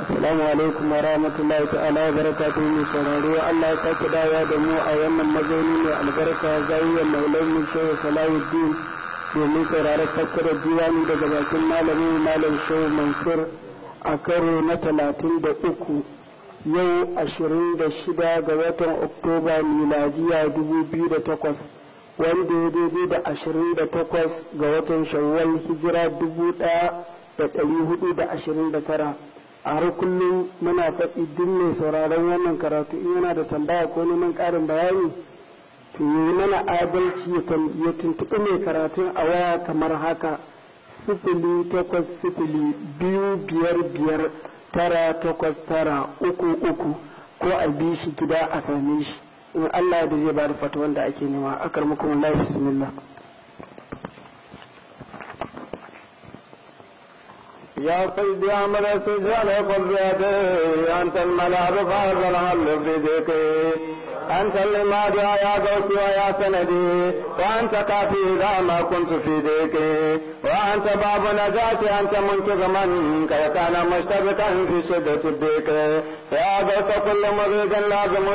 Assalamu alaikum wa rahmatullahi ta'ala wa barakatuhu mu Allah ya sake dawowa da mu a wannan mazauni mai albarka zayyar maulana Shehu Salahuddin domin saurare tattara diwani daga bakin malami malam Shehu Mansur a karo na talatin da uku yau ashirin da shida ga watan Oktoba miladiya dubu biyu da takwas wanda ya daidai da ashirin da takwas ga watan Shawwal hijira dubu ɗaya da ɗari hudu da ashirin da tara. a har kullum muna faɗi duk mai sauraron wannan karatu in yana da tambaya ko neman ƙarin bayani to yi mana adalci ya tuntuɓi mai karatun a waya kamar haka sifili takwas sifili biyu biyar biyar tara takwas tara uku uku ko a bi shi gida a same shi in Allah da zai ba da fata wanda ake nema akar muku wallahi bismillah یا مطلب سوجا لے بول جنم بارہ لے دی يا سندي كافي شو ما كنت في کافی رام باب نجاتي جا چنچ من مشتبكا في شدة يا يا كل مريض لازم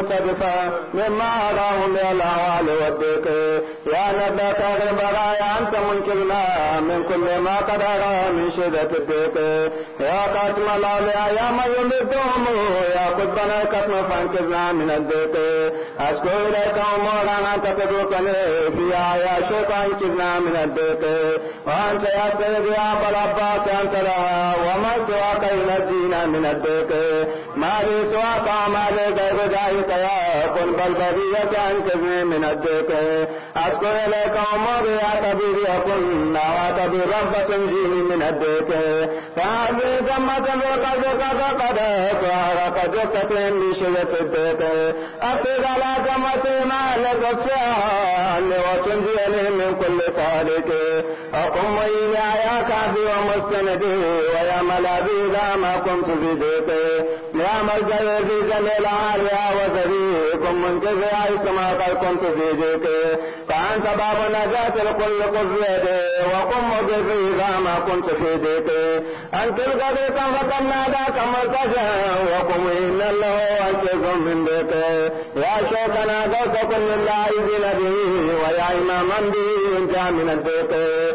مما نبات البرايا کا نام دیکھ مجھے گنجا می من شدة گڑا يا قاسم نام يا من يمدهم يا قطبنا مجھے بنا من دیتے مولانا موا ننا چکو نیا شو کا منٹکیا بل بھا تنہا وم سوا کئی ندی من منٹک مار سو مارے در جائی تیا کون کل منت دیتے گیا نوا رب آس کو بھی رونی مین دے کے جم چار کدو دی مسیا وسنجی علیہ میم میں کل کام کے ندی آیا مسن دی ملا بھی رام کم دیتے يا ملجا يزيد للعالية وزريق منتزع كما قد كنت في ذيك فأنت باب نجاة لكل قذلة وقم بذيك ما كنت في ذيك أنت القذيك فقد ناداك مرتجا وقم إن الله أنكز من ذيك يا شيخنا قوس كل اللاعبين به ويا إمام به انت من الذيك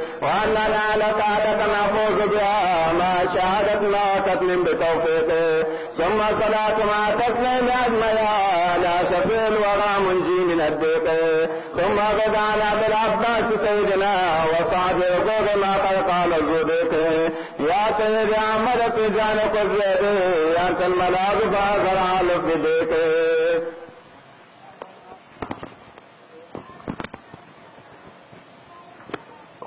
بها ما ما بتوفيقه ثم صلاة وہ لویا شہ رتنا تک نمبر سوم سدا تک میال وا مجی میت سو مزا نا داسی جنا وسا دیگر کا لوگ یا الملاذ مدد کر لوگیت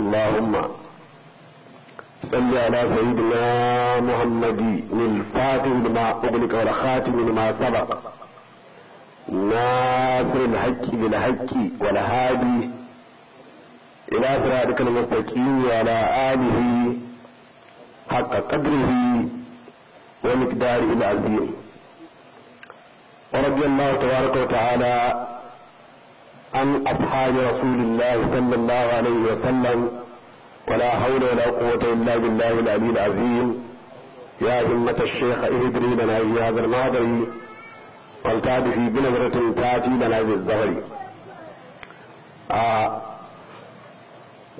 اللهم صل على سيدنا محمد الفاتح لما أغلق والخاتم لما سبق ناصر الحق بالحق والهادي إلى صراطك المستقيم وعلى آله حق قدره ومقداره العظيم ورضي الله تبارك وتعالى عن أصحاب رسول الله صلى الله عليه وسلم ولا حول ولا قوة إلا بالله العلي العظيم يا ذمة الشيخ اهدري لنا في هذا الماضي والتابعي بنظرة تاتي لنا بالزهر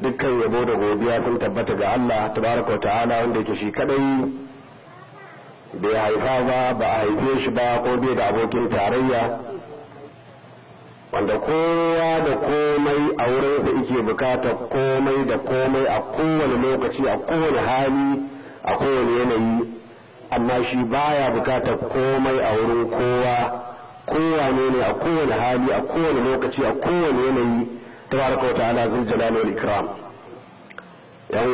dukkan yabo da godiya sun tabbata ga Allah tabaraka wa ta'ala wanda yake shi kadai bai haifa ba ba a haife shi ba ko bai da abokin tarayya wanda kowa da komai a wurin da yake bukata komai da komai a kowane lokaci a kowane hali a kowane yanayi amma shi baya bukata komai a wurin kowa kowa ne a kowane hali a kowane lokaci a kowane yanayi ta wa ta'ala zai jalali ikram yan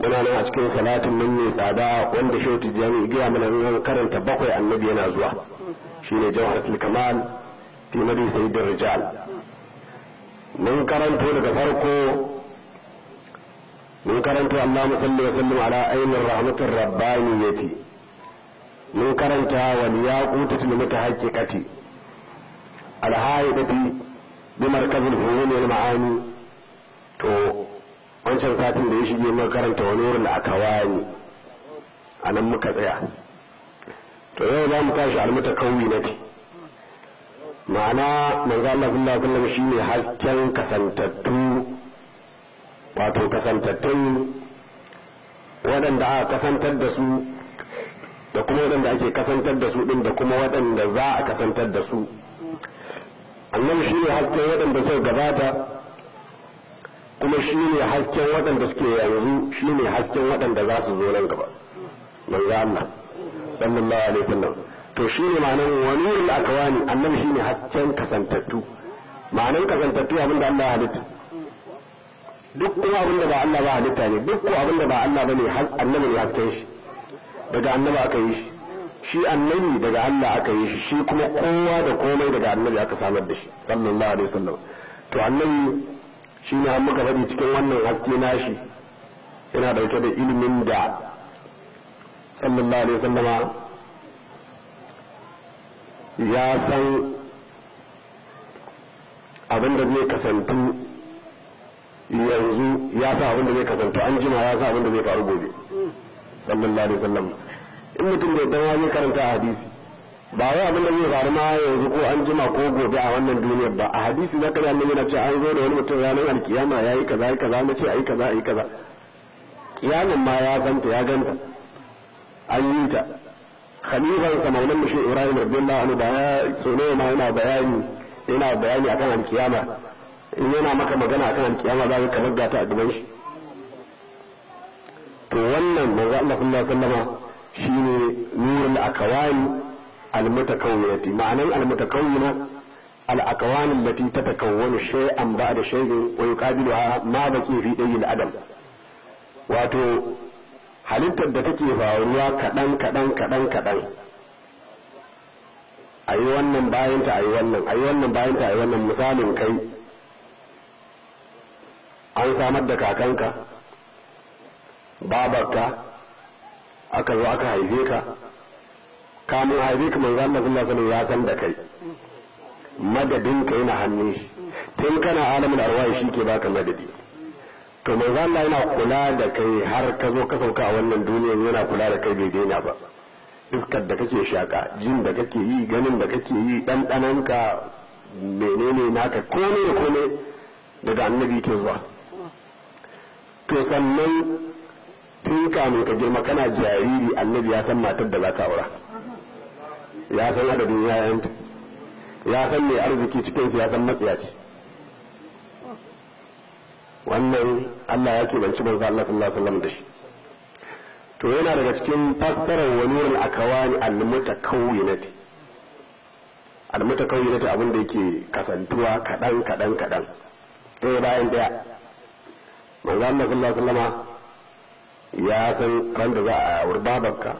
muna nan a cikin salatin nan ne tsada wanda wata jami'i gaya mana karanta bakwai annabi yana zuwa shine jawharatul kamal fi nabi sayyidin rijal mun karanto daga farko mun karanto Allah musalli wa sallim ala rahmatir rabbani yati mun karanta wal yaqutu lil mutahaqqiqati al haidati bi markazil hulul wal ma'ani to wancan satin da ya shige mun karanta wani wurin akawani anan muka tsaya to yau za mu tashi al mutakawwinati ma'ana manzo Allah sallallahu shi ne hasken kasantattu wato kasantattun waɗanda aka kasantar da su da kuma waɗanda ake kasantar da su ɗin da kuma waɗanda za a kasantar da su annan shi ne hasken waɗanda suka gabata kuma shi ne hasken waɗanda suke yanzu shi ne hasken waɗanda za su zo nan gaba manzo Allah sallallahu alaihi wasallam to shi ne ma'anar wanurul akawani annabi shi ne hasken kasantattu ma'anar kasantattu abin da Allah ya halitta duk kuma abin da ba Allah ba halitta ne duk kuma abin da ba Allah ba ne annabi ne hasken shi daga annabi aka yi shi shi annabi daga Allah aka yi shi shi kuma kowa da komai daga annabi aka samar da shi sallallahu alaihi wasallam to annabi shi ne an muka faɗi cikin wannan haske nashi yana dauke da ilimin da sallallahu alaihi wasallama ya san abin da zai kasantu yanzu ya sa abin da zai kasantu an jima ya sa abin da zai faru gobe sallallahu alaihi wasallam in mutum bai dan wani karanta hadisi ba wai abin da zai faru ma yanzu ko an jima ko gobe a wannan duniyar ba a hadisi zaka ji annabi yana cewa an zo da wani mutum ranar alkiyama yayi kaza yayi kaza nace ayi kaza ayi kaza kiyaman ma ya zanta ya ganta an yi ta khalifansa maulan shi ibrahim radiyallahu anhu da ya tsone ma yana bayani yana bayani akan alkiyama in yana maka magana akan alkiyama za ka kamar gata a gaban shi to wannan manzo Allah sallallahu alaihi wasallama shine nurul akawani almutakawwinati ma'anan almutakawwina الأكوان التي تتكون شيئا بعد شيء ويقابلها ما بقي في أي الأدب واتو halittar da take faruwa kaɗan kaɗan kaɗan kaɗan a yi wannan bayanta a yi wannan a yi wannan bayanta a yi wannan misalin kai an samar da kakanka babarka aka zo aka haife ka kamun haife ka manzo Allah sallallahu alaihi ya san da kai madadin ka yana hannun shi tun kana alamin arwai shi ke baka madadi to mai Allah yana kula da kai har ka zo ka sauka a wannan duniyar yana kula da kai bai daina ba iskar da kake shaka jin da kake yi ganin da kake yi ɗanɗanon ka menene naka kone da kone daga annabi ke zuwa to sannan tun kamun ka girma kana jariri annabi ya san matar da za ka aura ya san adadin yayanta ya san mai arziki cikinsu ya san matsiya ce wannan Allah ya kebanci manzo Allah sallallahu alaihi wasallam da shi to yana daga cikin fassarar wa nurul akawani almuta almutakawwinati abin da yake kasantuwa kadan kadan kadan to bayan ɗaya manzo Allah sallallahu alaihi ya san ran da za a wurbabarka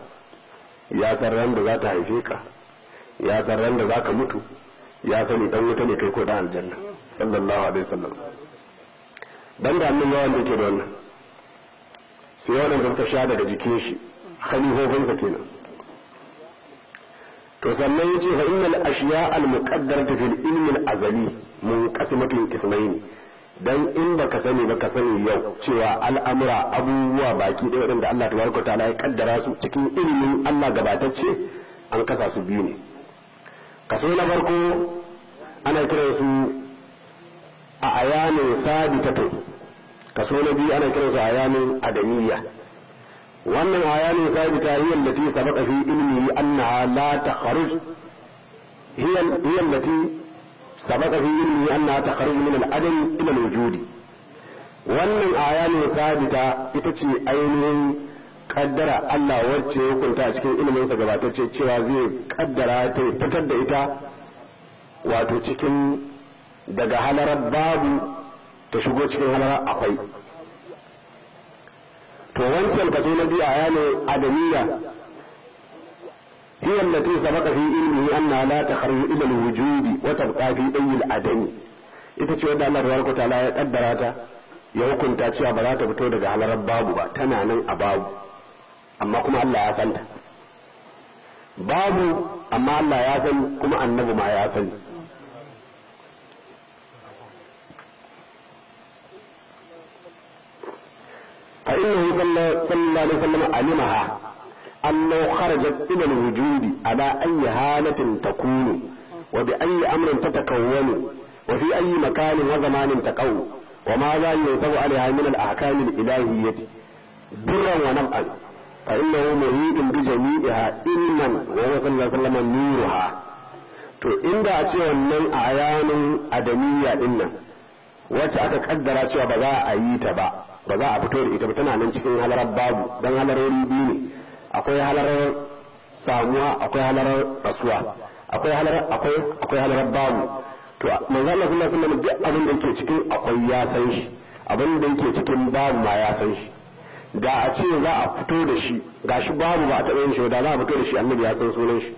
ya san ran da za ta haife ka ya san ran da za ka mutu ya san dan wuta ne kai ko dan aljanna sallallahu alaihi wasallam ban da yawan da yake da wannan sai waɗanda suka sha daga jikin shi khalifofinsa kenan to sannan yace fa innal ashiya al ilimin fil ilmi al azali munqasimatun ismaini dan in baka sani baka sani yau cewa al'amura abubuwa baki ɗaya waɗanda Allah tabaraka ta'ala ya kaddara su cikin ilimin Allah gabatacce an kasa su biyu ne kaso na farko ana kiran su a ayanin sabitatun kaso na biyu ana kiransu ayanin adamiyya wannan ayanin sabita da ta sabaqa fi ilmi annaha la kharij hiya da ta sabaqa fi ilmihi annaha kharij min al-adam ila al-wujudi wannan ayanin sabita ita ce ainihin kaddara Allah wacce ya hukunta cikin cikin iliminsa gabatacce cewa zai kaddara ta fitar da ita wato cikin daga halarar babu ta shigo cikin halarar akwai to wancan kaso na biyu a yano adamiya هي التي سبق في علمه أنها لا تخرج wujudi الوجود وتبقى في أي العدم ita ce wadda Allah tabaraka ta'ala ya kaddara ta ya hukunta cewa ba za ta fito daga halarar babu ba tana nan a babu amma kuma Allah ya san babu amma Allah ya san kuma annabi ma ya sani فإنه صلى الله عليه وسلم علمها أنه خرجت إلى الوجود على أي حالة تكون وبأي أمر تتكون وفي أي مكان وزمان تقوم وماذا ينسب عليها من الأحكام الإلهية برا ونفعا فإنه مهيد بجميعها علما وهو صلى الله عليه وسلم نورها to inda a ce wannan a ayanin adamiyya din nan wacce aka kaddara cewa ba za a yi ta ba ba za a fito da ita ba tana nan cikin halarar babu don halarori biyu ne akwai halarar samuwa akwai halarar rasuwa akwai halarar akwai akwai halarar babu to manzo Allah sallallahu alaihi wasallam duk abin da yake cikin akwai ya san shi abin da yake cikin babu ma ya san shi da a ce za a fito da shi gashi babu ba a taɓa yin shi da za a fito da shi annabi ya san sunan shi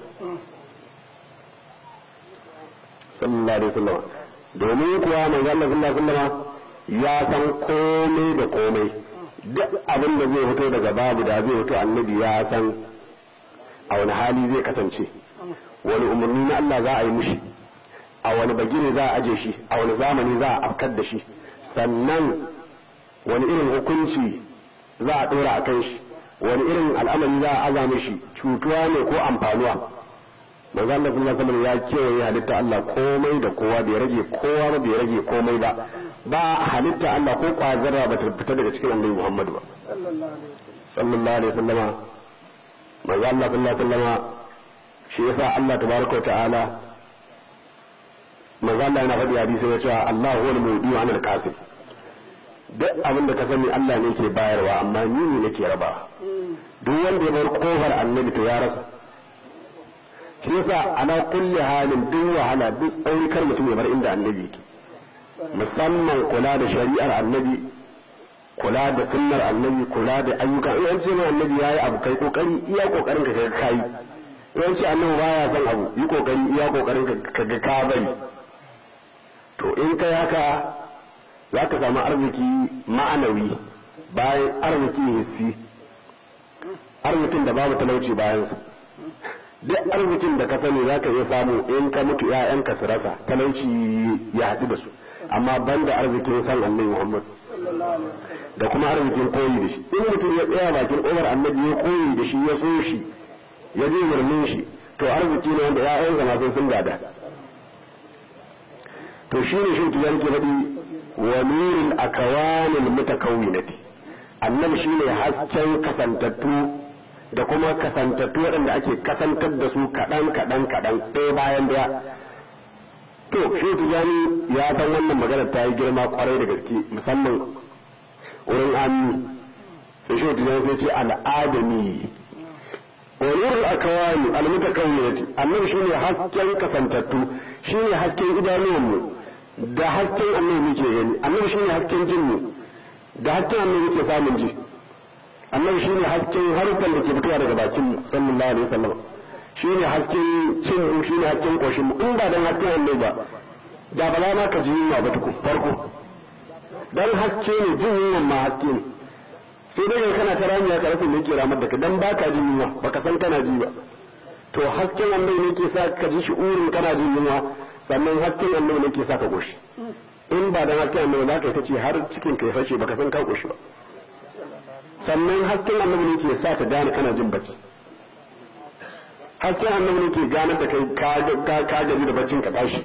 sallallahu alaihi wasallam domin kuwa manzo Allah sallallahu alaihi wasallam ya san komai da komai duk abin da zai fito daga babu da zai fito annabi ya san a wani hali zai kasance wani umarni na Allah za a yi mushi a wani bagire za a aje shi a wani zamani za a afkar da shi sannan wani irin hukunci za a dora a kan shi wani irin al'amari za a aza mishi cutuwa ne ko amfanuwa manzo Allah sallallahu alaihi ya kewaye halitta Allah komai da kowa bai rage kowa ba bai rage komai ba ba halitta Allah ko kwazarra ba ta fita daga cikin annabi Muhammadu ba sallallahu alaihi wasallama manzo Allah sallallahu alaihi wasallam shi yasa Allah tabaraka ta'ala manzo Allah yana faɗi hadisi ya cewa Allah huwa al wa anil qasim duk abin da ka sani Allah ne ke bayarwa amma ni ne nake raba duk wanda ya bar kofar annabi to ya rasa shi yasa ana kulli halin duk wahala duk tsaurikar mutum ya bar inda annabi yake musamman kula da shari'ar annabi kula da sunnar annabi kula da ayyuka in an ce mai annabi yayi abu kai kokari iya kokarin ka ga kai in an ce annabi baya son abu yi kokari iya kokarin ka ga ka bari to in kai haka za ka samu arziki ma'anawi bayan arziki hissi arzikin da babu talauci bayan su duk arzikin da ka sani za ka iya samu in ka mutu 'ya'yanka su rasa talauci ya haɗu da su amma ban da arzikin san annabi Muhammad da kuma arzikin koyi da shi in mutum ya tsaya bakin umar annabi ya koyi da shi ya so shi ya je murnin shi to arziki ne wanda ya'yansa ma sun sun gada to shi ne shi tijani ke faɗi wa nurin akawanin mutakawwinati annabi shi ne hasken kasantattu da kuma kasantattu waɗanda ake kasantar da su kaɗan kaɗan kaɗan ɗaya bayan daya to shi tijani ya san wannan magana ta yi girma kwarai da gaske musamman wurin amini sai shi tijani sai ce al'adami wani akawani annan shi ne hasken kasantattu ne hasken idanuwanmu da hasken annan muke gani annan shi ne hasken jinmu da hasken annan muke samun ji annan shi ne hasken harukan da ke fitowa daga bakin sannan sallallahu alaihi wasallam shi ne hasken cin mu shi ne hasken ƙoshin mu in ba don hakkin hannu ba da ba za ka ji yunwa ba tukun farko dan haske ne jin yunwa ma haske ne sai dai kana ta rami ya karfin da yake ramar da ka dan baka jin yunwa ka san kana ji ba to hasken wanda ne ke sa ka ji shi urin kana jin yunwa sannan hasken wanda ne ke sa ka goshi in ba dan hasken annabi za ka ta ce har cikin kai fashe ba ka san ka goshi ba sannan hasken wanda ne ke sa ka gane kana jin bacci hasken annabi ne ke ganar da kai ka gaji da baccin ka tashi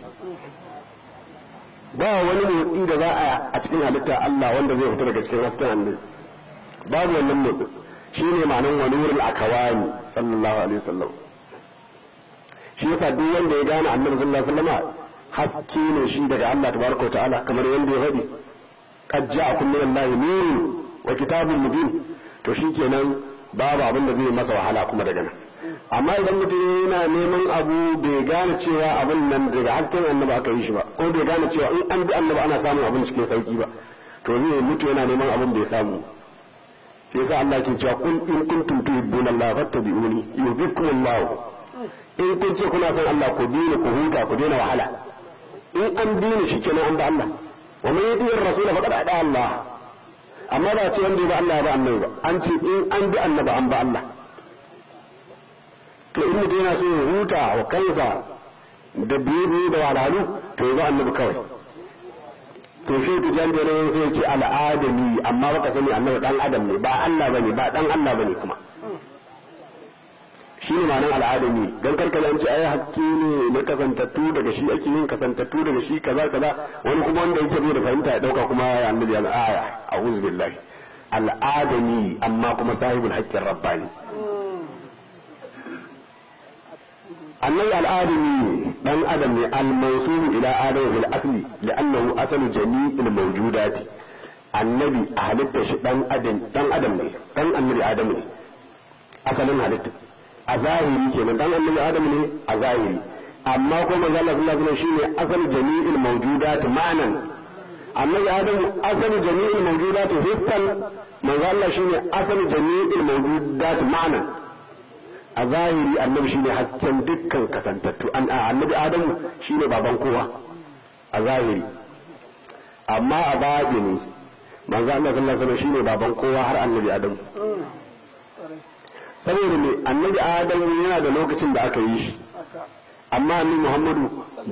ba wani motsi da za a a cikin halitta Allah wanda zai fita daga cikin hasken annabi babu wannan motsi shine ma'anar wa a akawani sallallahu alaihi wasallam shi yasa duk wanda ya gane annabi sallallahu alaihi wasallam haske ne shi daga Allah tabaraka wa ta'ala kamar yanda ya faɗi qad ja'akum min allahi nurun wa kitabun mubin to shikenan babu abin da zai masa wahala kuma daga nan amma idan mutum yana neman abu bai gane cewa abin nan daga hasken annaba aka yi shi ba ko bai gane cewa in an bi annaba ana samun abin cikin sauki ba to zai mutu yana neman abin bai samu shi sa Allah ke cewa kun in kuntum tuhibbuna Allah fattabi'uni yuhibbukum Allah in kun ce kuna son Allah ku bi ni ku huta ku daina wahala in an bi ni shikenan an ba Allah wa man yuti ar-rasul faqad ada Allah amma ba ce wanda ya ba Allah ya ba annabi ba an ce in an bi annabi an ba Allah to in mutum yana so ya huta wa kansa da biyu biyu da walhalu to ya zo annabi kawai to shi ta jan da nan sai ce al'adami amma baka sani annabi dan adam ne ba Allah bane ba dan Allah bane kuma shi ne ma'anar al'adami don karkar an ce ai hakki ne na kasantattu daga shi ake yin kasantattu daga shi kaza kaza wani kuma wanda yake bai da fahimta ya dauka kuma ya annabi al'aya a'udhu billahi al'adami amma kuma sahibul haqqin rabbani annabi al'adami dan adam ne al-mansub ila adam bil asli li'annahu asalu jami'il mawjudati annabi a halitta shi dan adam dan adam ne dan annabi adam ne asalin halitta a zahiri kenan dan annabi adam ne a zahiri amma kuma manzo Allah sallallahu alaihi shine asalu jami'il mawjudat ma'anan annabi adam asalu jami'il mawjudat hissan manzo Allah shine asalu jami'il mawjudat ma'anan a zahiri annabi shine hasken dukkan kasantattu an annabi adamu shine baban kowa a zahiri amma a batini manzo Allah sallallahu alaihi shine baban kowa har annabi adamu saboda me annabi adamu yana da lokacin da aka yi shi amma annabi Muhammadu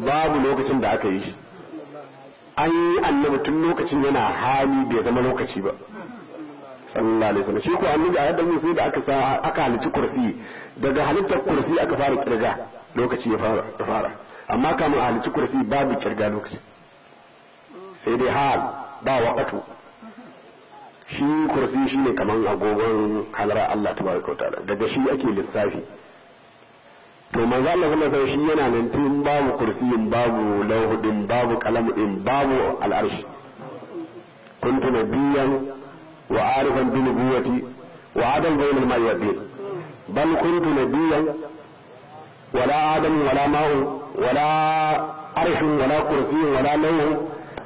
babu lokacin da aka yi shi an yi annabi tun lokacin yana hali bai zama lokaci ba sallallahu alaihi wasallam shi ko annabi adamu sai da aka sa aka halici kursi daga halittar kursi aka fara kirga lokaci ya fara amma kamun halittar kursi babu kirga lokaci sai dai hal ba waƙatu shi kursi shi ne kamar agogon halara Allah ta bari ta'ala daga shi ake lissafi to manzo Allah sallallahu alaihi shi yana nan tun babu kursiyin babu lauhudin babu kalamudin babu al'arshi kuntu nabiyyan wa arifan bi nubuwati wa adam bainal maryatin بل كنت نبيا ولا آدم ولا ماء ولا عرش ولا كرسي ولا لوح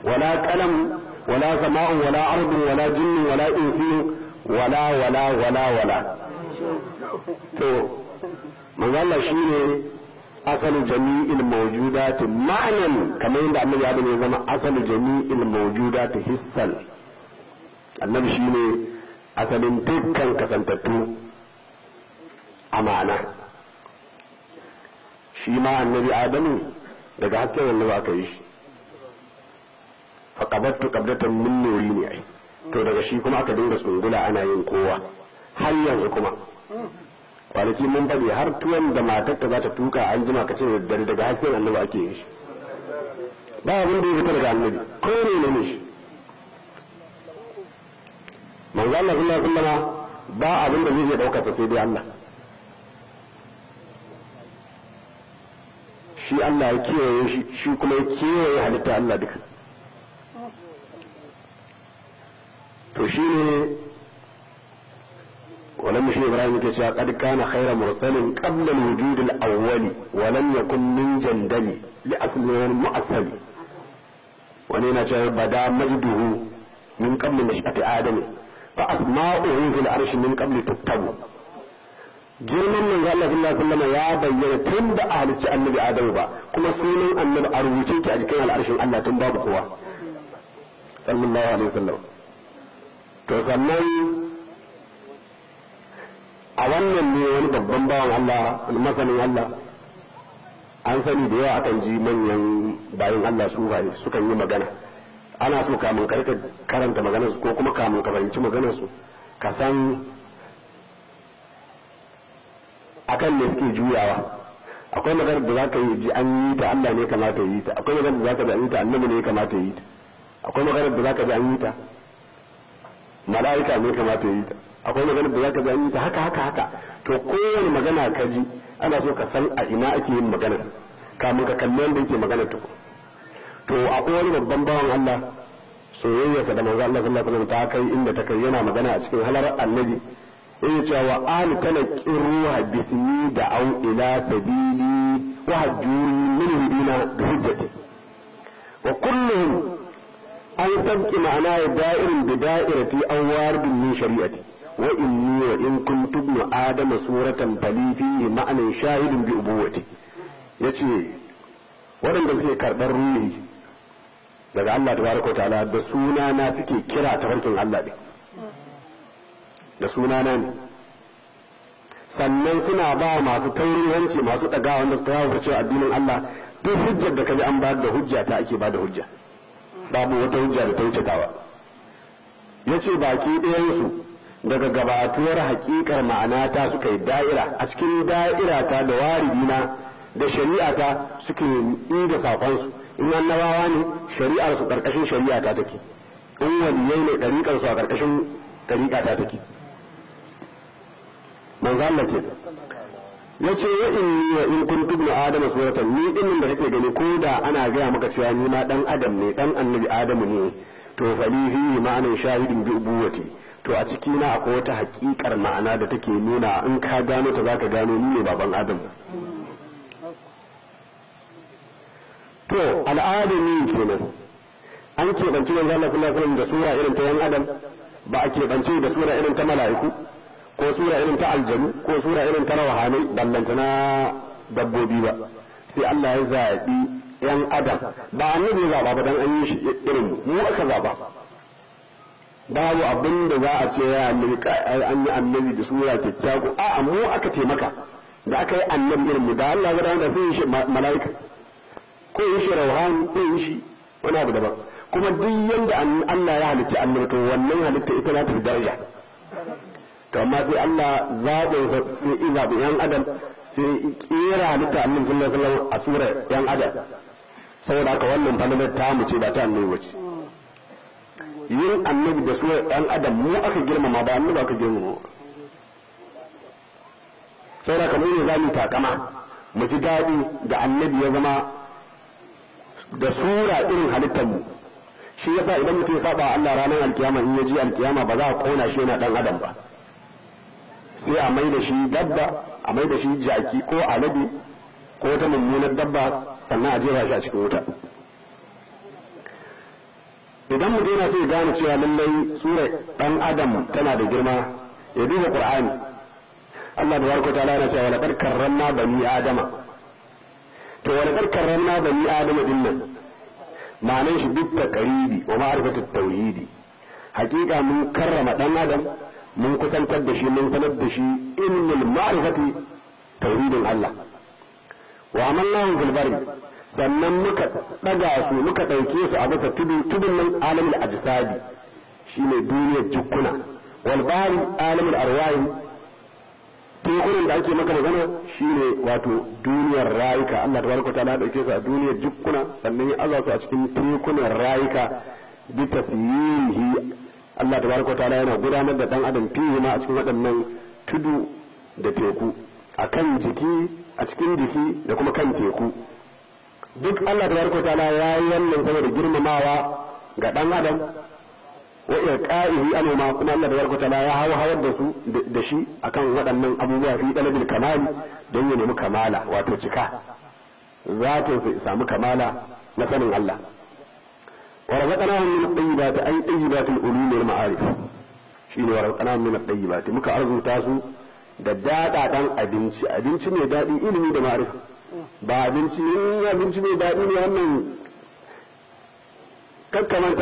ولا كلم ولا سماء ولا أرض ولا جن ولا إنسي ولا ولا ولا ولا تو مغالا شيني أصل جميع الموجودات معنى كما عند النبي آدم يزم أصل جميع الموجودات حسا النبي شيني أصل تكن كسنتتو Amana shi ma annabi adamu daga hasken ba aka yi shi fa qabattu qabdatan min nuri ne ai to daga shi kuma aka dinga tsungula ana yin kowa har yanzu kuma kwanaki mun bari har tuwon da matar ta za ta tuka an jima ka ce da daga hasken annabi ake yi shi ba abin da ya fita daga annabi ko ne ne shi manzo Allah sallallahu alaihi wasallam ba abin da zai iya dauka sai dai Allah shi Allah ya kiyaye shi shi kuma ya kiyaye halitta Allah duka to shi ne ولم يشهد ابراهيم كيسوا قد كان خير مرسل قبل الوجود الاول ولم يكن من جندل لاصل مؤثر ونينا شايف بدا مجده من قبل نشأة آدم فأسماؤه في العرش من قبل تكتب girman manzo Allah sallallahu ya bayyana tun da a halicci annabi Adam ba kuma sunan annabi a rubuce ki a cikin al'arshin Allah tun babu kowa sallallahu alaihi wasallam to sannan a wannan ne wani babban bawan Allah masanin Allah an sani da yawa akan ji manyan bayan Allah su waye sukan yi magana ana so kamun ka karanta maganar su ko kuma kamun ka fahimci maganar su ka san akan ne suke juyawa akwai magana da za ka yi an yi ta Allah ne kamata yi ta akwai magana da za ka ji an yi ta annabi ne kamata yi ta akwai magana da za ka ji an yi ta mala'ika ne kamata yi ta akwai magana da za ka ji an yi ta haka haka haka to kowane magana ka ji ana so ka san a ina ake yin ka kamun ka kalli wanda yake magana ta to akwai wani babban bawan Allah soyayyarsa da manzo Allah sallallahu alaihi wasallam ta kai inda ta kai yana magana a cikin halar annabi in ce wa an kana ruha bismi da au ila sabili wa hajjuni min dina bi hujjati wa kullum an tabki ma'ana ya da'irin bi da'irati aw waridin min shari'ati wa inni wa in kuntu ibn adama suratan fali fihi ma'anan shahidin bi ubuwati yace waɗanda suke karɓar ruhi daga Allah tabaraka ta'ala da suna na suke kira ta farkin Allah din da sunana ne sannan suna ba masu taurin yanci masu ɗaga wanda su kawo cewa addinin Allah duk hujjar da kaji an ba da hujja ta ake ba da hujja babu wata hujja da ta wuce tawa ce baki ɗayansu daga gabatuwar haƙiƙar ma'ana ta suka yi da'ira a cikin da'ira ta da waridina da shari'a ta suke yi da sakonsu in annabawa ne shari'ar su ƙarƙashin shari'a ta take in waliyai ne ɗariƙar a ƙarƙashin ɗariƙa ta take manzo Allah ke ce wa in in kuntu ibn adama suratan ni din da kake gani ko da ana gaya maka cewa ni ma dan adam ne dan annabi adamu ne to falihi ma'anan shahidin bi ubuwati to a ciki na akwai wata haƙiƙar ma'ana da take nuna in ka gano ta zaka gano ni ne baban adam to al'adami kenan an keɓanci manzo Allah sallallahu alaihi wasallam da sura irin ta yan adam ba a keɓance da sura irin ta mala'iku ko sura irin ta aljanu ko sura irin ta rawahanai ballanta na dabbobi ba sai Allah ya zaɓi yan adam ba annabi ya zaɓa ba dan an yi shi irin mu aka zaɓa babu abin da za a ce ya an yi annabi da sura kyakkyawa a mu aka ce maka da aka yi annabi irin mu da Allah ya da sai shi mala'ika ko yi shi rauhani ko yi shi wani abu daban kuma duk yanda Allah ya halitta annabi to wannan halitta ita za ta fi daraja to amma sai Allah zaɓin sai in zaɓi yan adam sai kera mutanen sun sallallahu a sura yan adam saboda haka wannan falalar ta mu ce ba ta annabi wace yin annabi da sura yan adam mu aka girmama ba annabi aka girmama saboda mun yadda zamu takama mu ji daɗi da annabi ya zama da sura irin halittar mu shi yasa idan mutum ya saba Allah ranar alkiyama in ya ji alkiyama ba za a kona shi yana dan adam ba sai a mai da shi dabba a mai da shi jaki ko alade ko ta mummunar dabba sannan a jera shi a cikin wuta idan mutum yana sai ya gane cewa lallai sura dan adam tana da girma ya duba qur'ani Allah da barko ta lana cewa laqad karramna bani adama to wa laqad karramna bani adama din nan ma'anar shi duk takaribi wa ma'arifatu tauhidi hakika mun karrama dan adam mun kusantar da shi mun sanar da shi ilmin ma'rifati tauhidin Allah wa amallahu fil bari sannan muka daga su muka dauke su a bisa tudu tudun nan alamul ajsadi shine duniyar jukkuna wal bari alamul arwahi da ake maka magana shine wato duniyar rayuka Allah tabaraka ta'ala dauke su a duniyar jukkuna sannan ya aza su a cikin tekunan rayuka bi tasyihi Allah tabaraka ta'ala yana gudanar da dan adam fiye ma a cikin waɗannan tudu da teku a kan jiki a cikin jiki da kuma kan teku duk Allah ta'ala ya yi wannan saboda girmamawa ga dan adam wa irqa'ihi anuma kuma Allah ta'ala ya hau hawar da su da shi akan waɗannan abubuwa fi talabil kamali don ya nemi kamala wato cika zato su samu kamala na sanin Allah ورزقناهم من الطيبات أي طيبات العلوم والمعارف شين ورزقناهم من الطيبات مكا أرزو تاسو da daɗaɗan abinci abinci mai daɗi ilimi da ma'arifa ba abinci in abinci mai daɗi ne wannan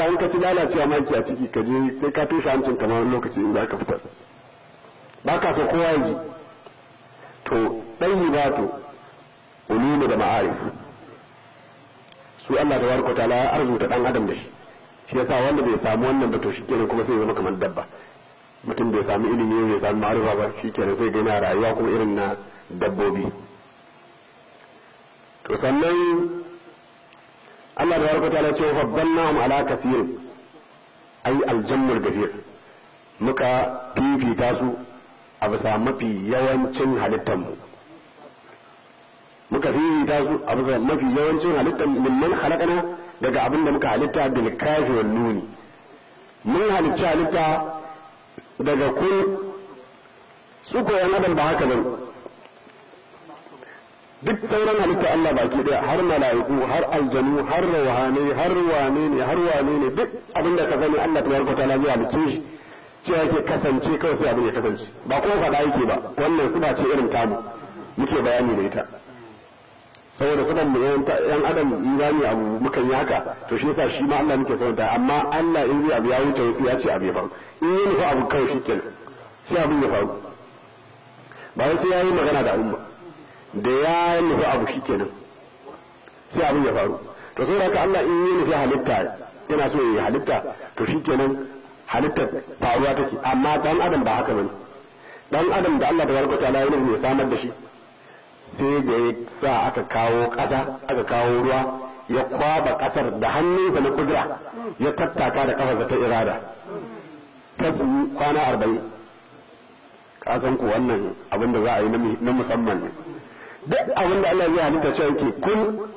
in ka ci lalacewa maki a ciki ka je sai ka toshe hancin kama wani lokaci in za ka fitar ba ka so kowa yi to ɗan yi ba to ulumi da ma'arifu. su Allah da warko ta'ala ya arzuta dan adam da shi shi yasa wanda bai samu wannan ba shi kenan kuma sai ya zama kamar dabba mutum bai samu ilimi bai samu ma'arifa ba shi kenan sai ga yana rayuwa kuma irin na dabbobi to sannan Allah da warko ta'ala ce faddalnahum ala kathirin ai aljammul gafir muka fifita su a bisa mafi yawancin halittar mu muka yi su a bisa mafi yawancin halitta mimman halakana daga abin da muka halitta da likafi nuni mun halitta halitta daga kun su koyan adam ba haka nan duk sauran halitta Allah baki daya har mala'iku har aljanu har rawhane har wane ne har wane ne duk abin da ka sani Allah tabaraka ta'ala ya halice shi ce yake kasance kawai sai abin ya kasance ba ko faɗa yake ba wannan su ba ce irin tamu muke bayani da ita saboda kudan da yawan yan adam mu abu mukan yi haka to shi yasa shi ma Allah muke karanta amma Allah in zai abu ya wuce wasu ya ce abu ya faru in yi nufa abu kawai kenan sai abu ya faru bayan sai ya yi magana da umma da ya yi nufa abu kenan sai abu ya faru to sai haka Allah in yi nufi halitta yana so ya yi halitta to kenan halitta faruwa take amma dan adam ba haka bane dan adam da Allah tabaraka ta'ala ya nufi ya samar da shi sai da ya sa aka kawo kasa aka kawo ruwa ya kwaba kasar da hannunsa na kudura ya tattaka da kafarsa ta irada ta su kwana arba'in kasan ku wannan abin da za a yi na musamman ne duk abin da Allah zai halitta cewa yake kun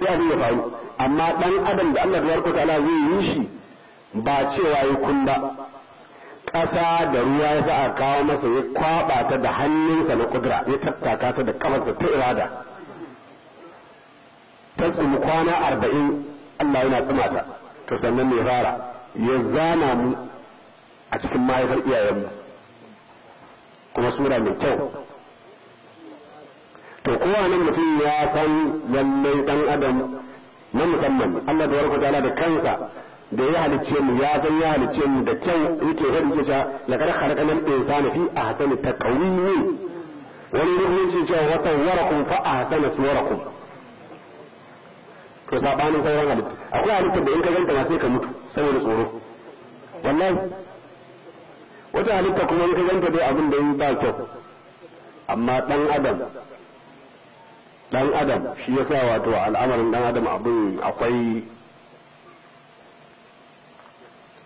sai abin ya faru amma dan adam da Allah tabaraka ta'ala zai yi shi ba cewa yi kun ba ƙasa da ruwa ya za a kawo masa ya kwaɓa ta da hannunsa na kudura ya tattaka ta da kamarsa ta irada ta tsumi kwana arba'in Allah yana tsuma ta to sannan mai fara ya zana mu a cikin mahaifar iyayenmu kuma sura mai kyau to kowane mutum ya san lallai dan adam na musamman Allah da warkar da kansa da ya halicce mu ya san ya halicce mu da kyau yake da wani ke cewa laqad khalaqnal insana fi ahsani taqwim wani rubutu yake cewa wa sawwarakum fa ahsana suwarakum to sabanin sauran halittu akwai halittar da in ka ganta ma sai ka mutu saboda tsoro wallahi wata halitta kuma in ka ganta dai abin da ba kyau amma dan adam dan adam shi yasa wato al'amarin dan adam abin akwai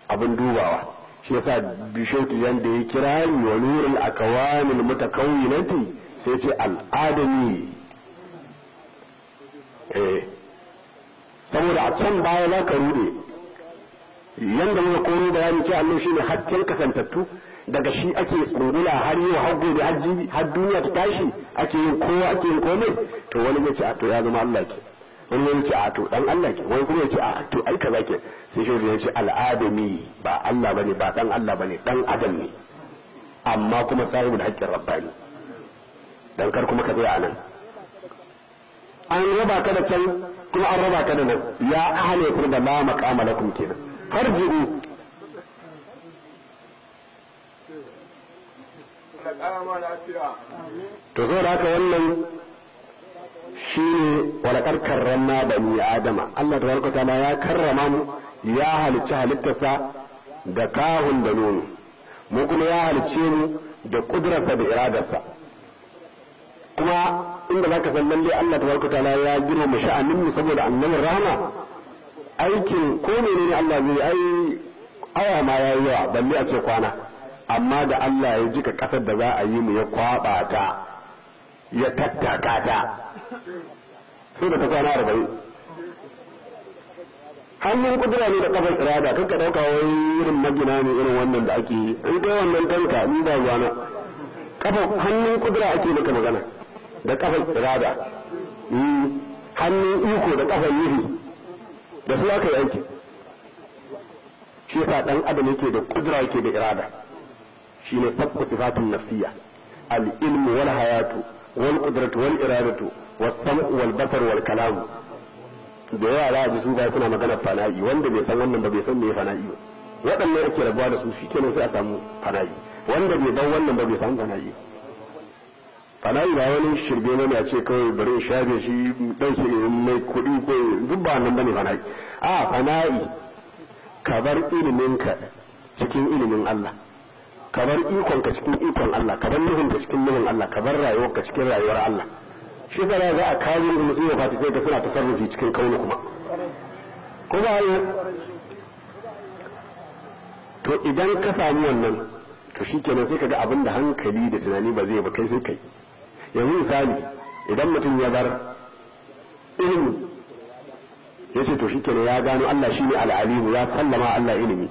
abin dubawa shi yasa bishoti yanda ya kira ni wa nurul akawanil mutakawwinati sai ce adami eh saboda a can baya za ka rude yanda muka koro bayani ke allo shine hakkin kasantattu daga shi ake tsungula har yau har gobe har har duniya ta tashi ake yin kowa ake yin komai to wani ya ce a to ya zama Allah ke wani ya ce a to dan Allah ke wani kuma ya ce a to ai kaza ke sai shi ya ce al'adami ba Allah bane ba dan Allah bane dan adam ne amma kuma sahibul haƙƙin rabbani dan kar kuma ka tsaya anan an raba ka da can kuma an raba ka da nan ya ahale kun da ma maqama lakum kenan farji'u to da haka wannan shine walakar da ni adama Allah tabaraka ma ya karrama mu ya halicci halittarsa da kahun da nono mu kuma ya halicce mu da kudurarsa da iradarsa kuma inda zaka san lalle Allah tabaraka ta'ala ya mu sha'anin mu saboda annabi rahama aikin ko menene Allah zai ai awa ma yayi yawa balle a ce kwana amma da Allah ya jika kasar da za a yi mu ya kwaba ta ya tattaka ta sai da ta kwana arba'in hannun kudura ne da kafar irada kanka dauka wai irin magina ne irin wannan da ake yi in kai wannan kanka ni ba zuwa kafa hannun kudura ake maka magana da kafar irada hmm, hannun iko da kafar yihi da su aka yi aiki shi yasa dan adam yake da kudura yake da irada shine sabbu sifatun nafsiyya al ilmu wal hayatu wal qudratu wal iradatu was sam'u wal basar wal kalamu da yawa za a ji su ba suna magana fana'i wanda bai san wannan ba bai san me fana'i ba waɗannan ake rabuwa da su shikenan sai a samu fana'i wanda bai ban wannan ba bai samu fana'i fana'i ba wani shirbe ne a ce kawai bari in shafe shi dan shi ne mai kuɗi ko duk ba nan bane fana'i a fana'i ka bar ilimin ka cikin ilimin Allah ka bar ikonka cikin ikon Allah ka bar ka cikin nuhun Allah ka bar rayuwarka cikin rayuwar Allah shi yasa za a kawo da mutum ba fata sai suna tasarrufi cikin kauna kuma kuma ba to idan ka samu wannan to shi kenan sai kaga abin da hankali da tunani ba zai ba kai sai kai yanzu misali idan mutum ya bar ilimi ya ce to shi kenan ya gano Allah shine al'alimu ya sallama Allah ilimi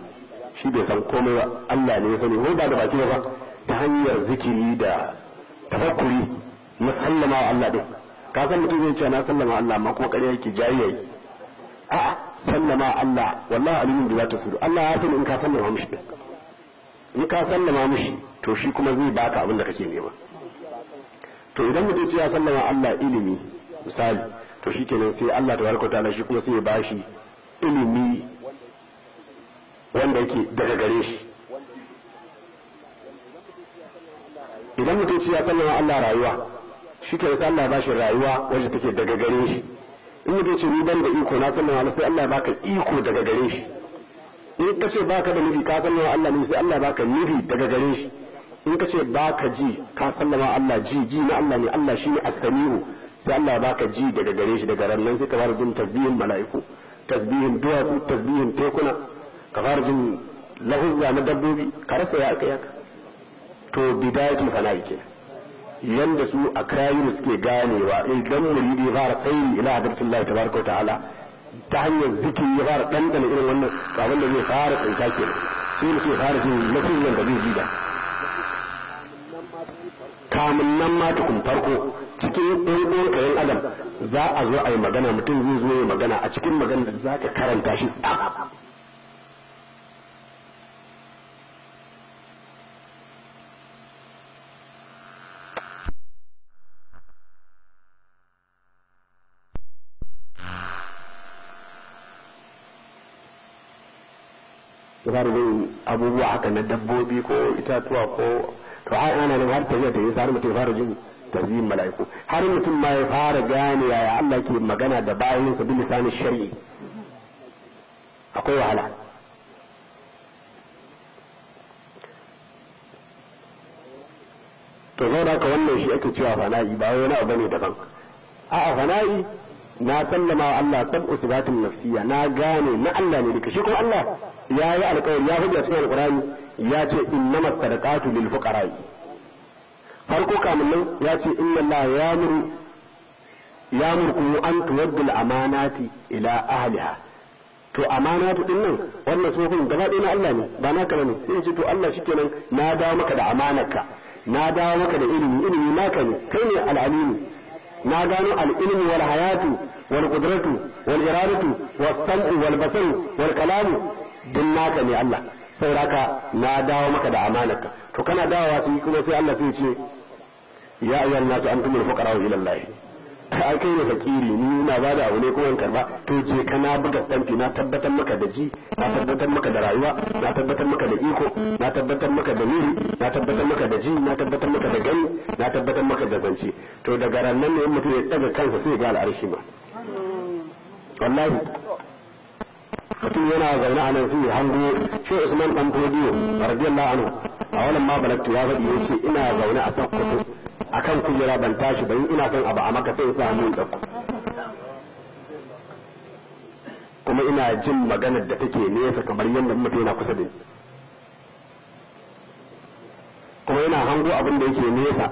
shi bai san komai ba Allah ne ya sani ko ba da baki ba ta hanyar zikiri da tafakkuri musallama wa Allah din ka san mutum zai ce na sallama Allah amma kuma ƙarya yake jayayya yi a'a sallama Allah wallahi alimin bila ta sudu Allah ya sani in ka sallama mishi in ka sallama mishi to shi kuma zai baka abin da kake nema to idan mutum ya sallama Allah ilimi misali to shikenan sai Allah tabaraka ta'ala shi kuma sai ya bashi ilimi wanda yake daga gare shi idan mutum ya sallama Allah rayuwa shi ke Allah ba shi rayuwa wajen take daga gare shi in mutum ce ni ban da iko na san Allah sai Allah ya baka iko daga gare shi in ka ce baka da nufi ka nawa Allah ne sai Allah ya baka nufi daga gare shi in ka ce baka ji ka nawa Allah ji ji na Allah ne Allah shine as-sami'u sai Allah ya baka ji daga gare shi daga rannan sai ka fara jin tasbihin mala'iku tasbihin duwatsu tasbihin tekuna ka fara jin lahuzza na dabbobi ka rasa ya yaka to bidayatul fana'i kenan yanda su a kayan suke ganewa in dan muridi fara tsayi ila hadratullahi tabaraka ta'ala ta hanyar zikin ya fara dandana irin wannan abin da zai fara tsinka ke sai mutum fara jin lafiyar da zai jida kamun nan ma tukun farko cikin ɗanɗan kayan adam za a zo a yi magana mutum zai zo ya magana a cikin magana za ka karanta shi su fara bin abubuwa haka na dabbobi ko itatuwa ko to har ana nan har tafiya ta isa har mutum fara jin tazihin mala'iku har mutum ma ya fara gane yaya Allah ke magana da bayan su bin lisanin shari'i akwai wahala to zauna ka wannan shi ake cewa fana'i ba wani abu ne daban a'a fana'i na sallama wa Allah sab'u sibatin nafsiyya na gane na Allah ne duka shi kuma Allah ya yi alkawari ya hujja cikin alkurani ya ce da sadaqatu lil fuqara farko kamun nan ya ce inna Allah ya ya murku an tuwaddu al amanati ila ahliha to amanatu din nan wannan sofin gaba ɗaya na Allah ne ba naka ne sai ce to Allah shi shikenan na dawo maka da amanarka na dawo maka da ilimi ilimi naka ne kai ne al'alimi na gano al'ilmi wal hayatu wal qudratu wal iradatu was sam'u wal basaru wal kalamu duk naka ne Allah sauraka na dawo maka da amanarka to kana dawowa sai kuma sai Allah sai ce ya ayyuhan nasu fuqara wa ila Allah a kai ne fakiri ni na ba da abu ne kuma in karba to je kana buga stampi na tabbatar maka da ji na tabbatar maka da rayuwa na tabbatar maka da iko na tabbatar maka da wuri na tabbatar maka da ji na tabbatar maka da gani na tabbatar maka da zance to daga ran nan ne mutum ya daga kansa sai ga al'arshi ma wallahi mutum yana zaune a nan sai hango shi Usman dan Fodiyo radiyallahu la'anu a wannan ma balatu ya faɗi ce ina zaune a san kudu kan kujera ban tashi ba ina son abu a maka sai sa min dauko kuma ina jin maganar da take nesa kamar yadda mutum yana kusa da ni kuma yana hango abin da yake nesa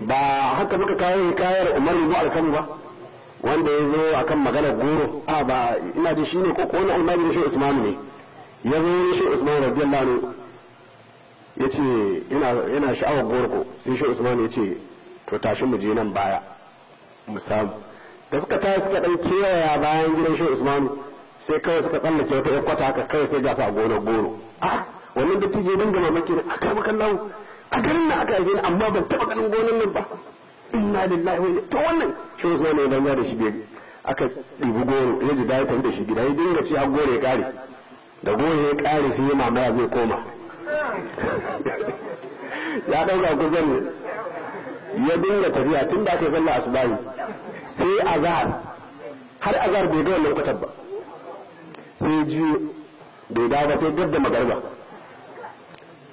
ba haka muka kawo kayar umarni bin al ba wanda ya zo a kan magana goro a ba ina da shi ne ko kone wani da shi usmanu ne ya zo shi usmanu radiyallahu anhu ya ce yana sha'awar goro ko sai shi ya ce to tashi mu je nan baya mu samu da suka tayi suka dan kewaya bayan gidan shi usmanu sai kawai suka tsallake wata kwata haka kawai sai ga su a gonar goro a wannan dattijo dinga mamaki ne a karbakan lawo a garin na aka yi amma ban taba ganin gonan nan ba inna lillahi wa to wannan shi ne wani idan da shi bai aka ɗibi goro ya ji da ya tafi da shi gida ya dinga ci har gore ya ƙare da gore ya ƙare sai ya mamaya zai koma ya ɗauka kusan ya dinga tafiya tun da aka yi sallah asubahi sai azhar har azhar bai ga wannan kwatar ba sai ji bai dawo ba sai dab da magarba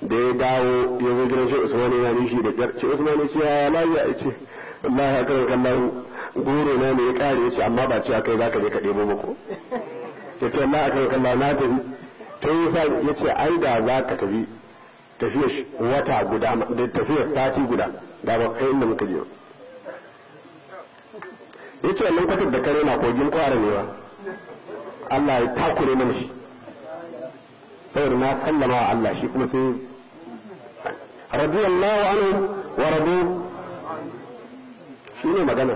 da ya dawo ya zo gidan shi usmani ya nishi da ƙyar ce usmani ce ya lafiya ce wallahi ya karar kallon goro na ne ya kare yace amma ba ce akai zaka je ka muku kallon na tafi to yasa ai da zaka tafi tafiyar wata guda da tafiya sati guda da ba kai inda muka je ya ce wannan kwatar da kare na kogin kwara ne ba Allah ya takure mana shi saboda na sallama wa Allah shi kuma sai radiyallahu anhu wa radu shi ne magana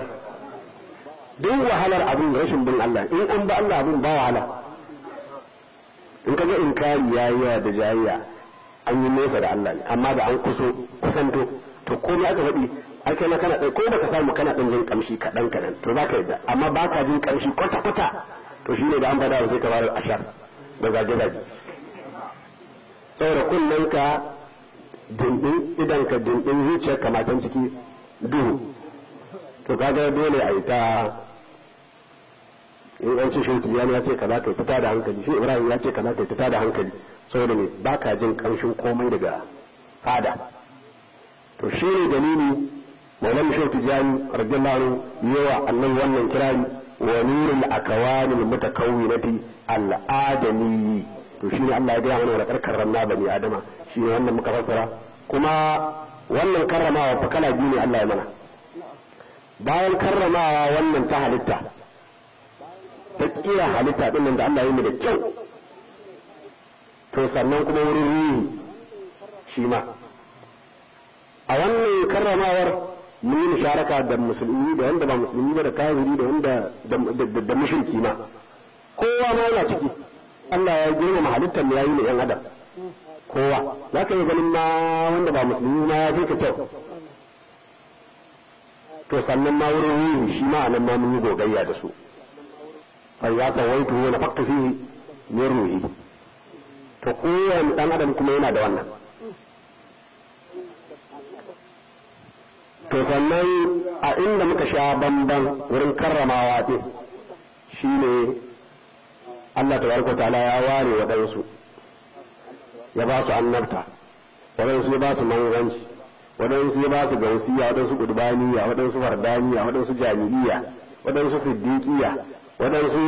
duk wahalar abin rashin bin Allah in an ba Allah abin ba wahala in kaga inkari yayya da jayya an yi nesa da Allah ne amma da an kuso kusanto to komai aka faɗi ai kai na kana ko baka samu kana ɗan jin kamshi kaɗan kaɗan to za ka yadda amma ba ka jin kamshi kwata kwata to shi ne da an faɗa sai ka fara ashar da zage zage saboda kunnen ka dindin idan ka dindin zuciyar kamatan ciki duhu to kaga dole a yi ta in an ce shirki ya ce kaza yi fita da hankali shi ibrahim ya ce ka yi fita da hankali saboda ne ba ka jin ƙarshen komai daga fada to shi ne dalili maulan shehu tijjani radiyallahu anhu yawa annan wannan kirari wa nurul akawani mutakawwinati al-adami to shi ne Allah ya gaya mana wa karkar ranna bani adama shi ne wannan muka fassara kuma wannan karramawa fa kala biyu ne Allah ya mana bayan karramawa wannan ta halitta ta kira halitta ɗin da Allah ya yi da kyau to sannan kuma wurin ruhi shi ma a wannan karramawar mun yi musharaka da musulmi da wanda ba musulmi ba da kafiri da wanda da mushriki ma kowa ma yana ciki Allah ya girmama halittar ya yi ne yan adam kowa za ka yi ganin ma wanda ba musulmi ma ya fi ka kyau to sannan ma wurin yi shi ma anan ma mun yi gogayya da su fa ya tuwo na fakta fi ne ruhi to kowane dan adam kuma yana da wannan to sannan a inda muka sha bamban wurin karramawa ce shi ne Allah ta barko ta'ala ya ware waɗansu ya ba su annabta waɗansu ya ba su manzanci waɗansu ya ba su gausiya waɗansu ƙudbaniya waɗansu fardaniya waɗansu jami'iya waɗansu siddiƙiya waɗansu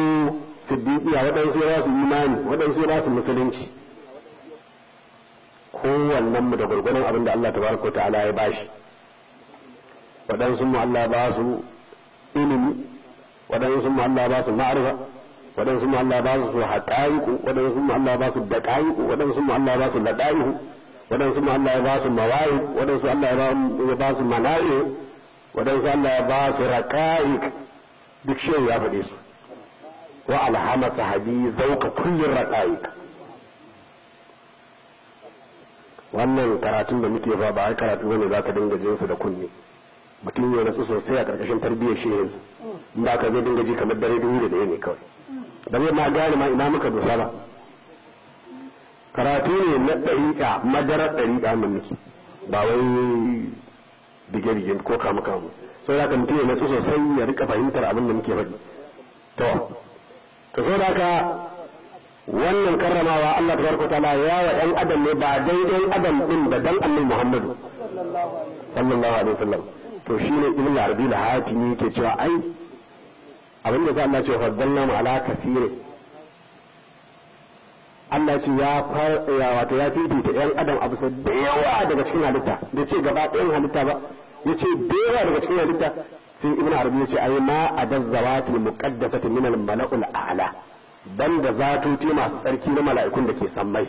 siddiƙiya waɗansu ya ba su imani waɗansu ya ba su musulunci kowannen mu da gwargwadon abin da Allah tabaraka ta'ala ya bashi waɗansu mu Allah ba su ilimi waɗansu mu Allah ba su ma'arifa waɗansu mu Allah ba su haƙa'iku waɗansu mu Allah ba su daƙa'iku waɗansu mu Allah ba su laɗa'iku waɗansu ma Allah ya ba su mawa'i waɗansu Allah ya ba su mala'i waɗansu Allah ya ba su raqa'iq duk shi ya faɗe su wa alhama sahabi zauka kullin raqa'iq wannan karatun da muke ba ba ai karatu bane za ka dinga jinsu da kunne mutum ya rasu sosai a karkashin tarbiyyar shi yanzu in ba ka zai dinga ji kamar dare dubu da ɗaya ne kawai ba zai ma gane ma ina muka dosa ba karatu ne na ɗariƙa madarar ɗariƙa mallaki ba wai bige-bige ko kamu kamu sau da mutum ya natsu sosai ya rika fahimtar abin da muke faɗi to to sau da wannan karramawa Allah ta barko ta'ala ya wa ɗan adam ne ba dai ɗan adam ɗin ba dan annabi Muhammadu sallallahu alaihi wasallam to shi shine ibn da al-Hatimi yake cewa ai abin da za wa ce faddalna ala kafirin Allah ce ya fara wato ya fifita yan adam a bisa da yawa daga cikin halitta da ce gaba ɗayan halitta ba ya ce da yawa daga cikin halitta sai ibn arabi ya ce ai ma adazzawatil muqaddasati min al-mala'ul a'la banda zatoci masu tsarki na mala'ikun da ke sammai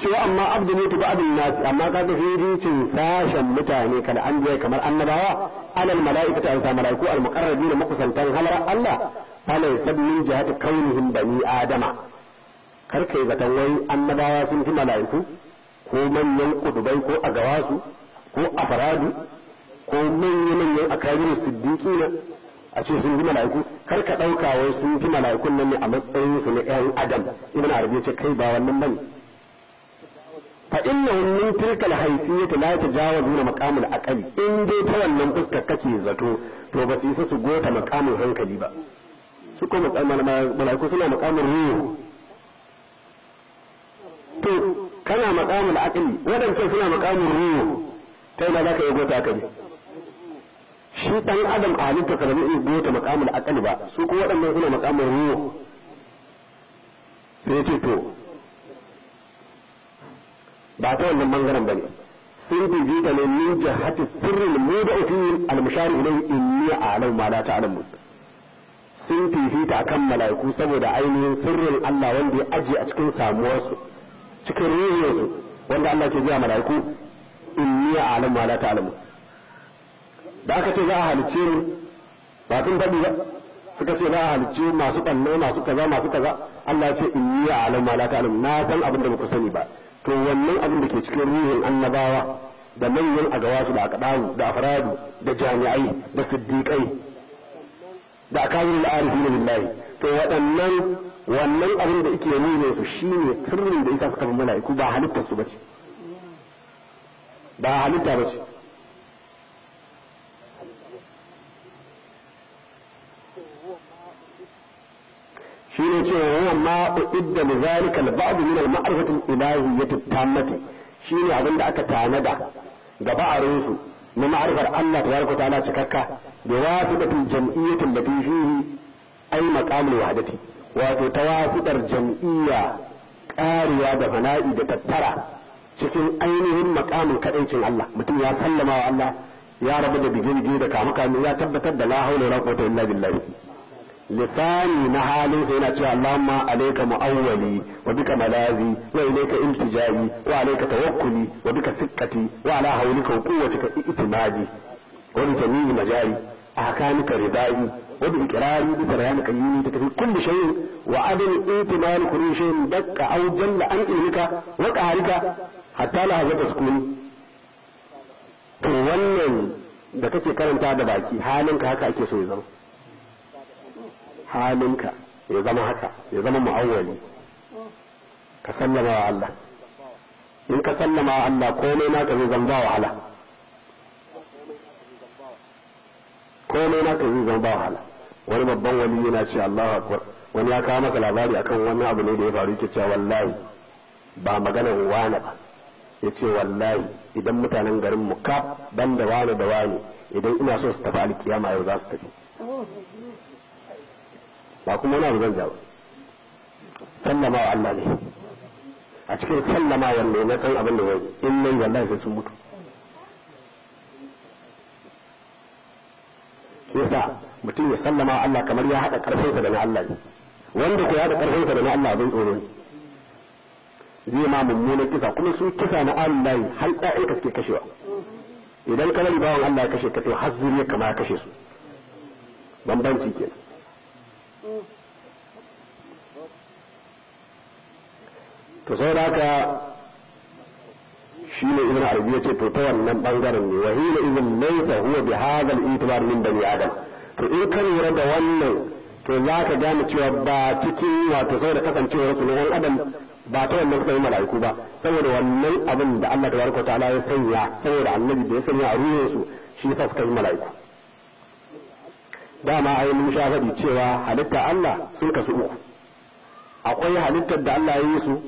ce wa amma abdu ne tuba abin nasi amma ka ga fificin sashen mutane kada an kamar annabawa alal mala'ikata an sa mala'iku al-muqarrabin makusantan halar Allah fala yasab min jihati kaunihim bani adama kar kai zaton wai annabawa sun fi mala'iku ko manyan kudubai ko a gawasu ko a faradu ko manyan manyan a kabirin siddiqina a ce sun fi mala'iku kar ka ɗauka wai sun fi mala'ikun nan ne a matsayin su na ƴan adam ibn arabi ce kai ba wannan bane fa inna min tilka al la tajawazuna maqam al in dai ta wannan fuskar kake zato to ba su isa su gota maqamul hankali ba su ko malaku suna makamin ruhu to kana makamin akali wadancan suna makamin ruhu ta ina ka yi gota kai shi dan adam a halitta sa in gota makamin akali ba su ko waɗannan suna makamin ruhu sai ya ce to ba ta wannan bangaren bane sun bibita ne min jihati sirrin ofin fi al in ne a a'lamu ma ta ta'lamun sun fifita kan mala'iku saboda ainihin sirrin Allah wanda ya ajiye a cikin samuwarsu cikin ruhiyarsu wanda Allah ke biya mala'iku a a'lamu wa la ta'lamu da aka ce za a halicce ni ba sun faɗi ba suka ce za a halicce masu ɓanne masu kaza masu kaza Allah ya ce a a'lamu wa la ta'lamu na san abin da ba sani ba to wannan abin da ke cikin ruhin annabawa da manyan agawasu da akaɗawu da afradu da jami'ai da siddiƙai da akawun la'arifi na billahi to waɗannan wannan abin da yake nuna su shine sirrin da isa suka bi mala'iku ba halittar su bace ba halitta bace shine cewa huwa ma uidda li zalika al-ba'd min al-ma'rifati al-ilahiyyati at-tammati shine abin da aka tanada ga ba'arin su na ma'arfar Allah tabaraka ta'ala cikakka da wafidatul jam'iyyatin da fihi ai maqamul wahdati wato tawafidar jam'iyya ƙariya da fana'i da tattara cikin ainihin makamin kadancin Allah mutum ya sallama wa Allah ya rabu da bigirge da kamuka ya tabbatar da la haula wala quwwata illa lisani na halin sai yana cewa Allahumma alayka mu'awwali wa bika malazi wa ilayka iltijai wa alayka tawakkuli wa bika sikkati wa ala hawlika wa quwwatika itimadi wa bi jami'i majari ahkamika ridai wa bi iqrari bi bayanika yuni ta fi kulli shay'in wa adl itimal kulli shay'in dakka aw jalla an ilmika wa qahrika hatta la hazata sukuni to wannan da kake karanta da baki halinka haka ake so ya zama halinka ya zama haka ya zama mu'awwali ka sallama wa Allah in ka sallama wa Allah komai naka zai zama ba wahala komai naka zai zama ba wahala wani babban wani yana ce Allahu akbar wani ya kawo masa labari akan wani abu ne da ya faru ke cewa wallahi ba maganar wani ba ya ce wallahi idan mutanen garin mu kaf ban da wani da wani idan ina so su tafi alkiyama yau za su tafi ba kuma wani abu zan ja sallama wa Allah ne a cikin sallama wanne na san abin da zai in nan wallahi sai sun mutu yasa mutum ya sallama wa Allah kamar ya haɗa ƙarfinsa da na Allah ne wanda ku ya haɗa ƙarfinsa da na Allah abin tsoro ne zai ma mummunan kisa kuma su kisa na Allah ne har ka suke kashewa idan ka bari bawan Allah ya kashe ka to har zuriya kama ya kashe su bambanci kenan to sai da ka shi ne ibn arabiya ce to ta wannan bangaren ne wahila idan laysa huwa bi hadha al-itibar min bani adam to in ka lura da wannan to za ka gane cewa ba cikin wato da kasancewar su na adam ba ta wannan suka yi mala'iku ba saboda wannan abin da Allah Ta Ta ta'ala ya sanya saboda annabi da ya sanya a ruwan su shi yasa suka yi mala'iku dama ai mun sha cewa halitta Allah sun kasu uku akwai halittar da Allah ya yi su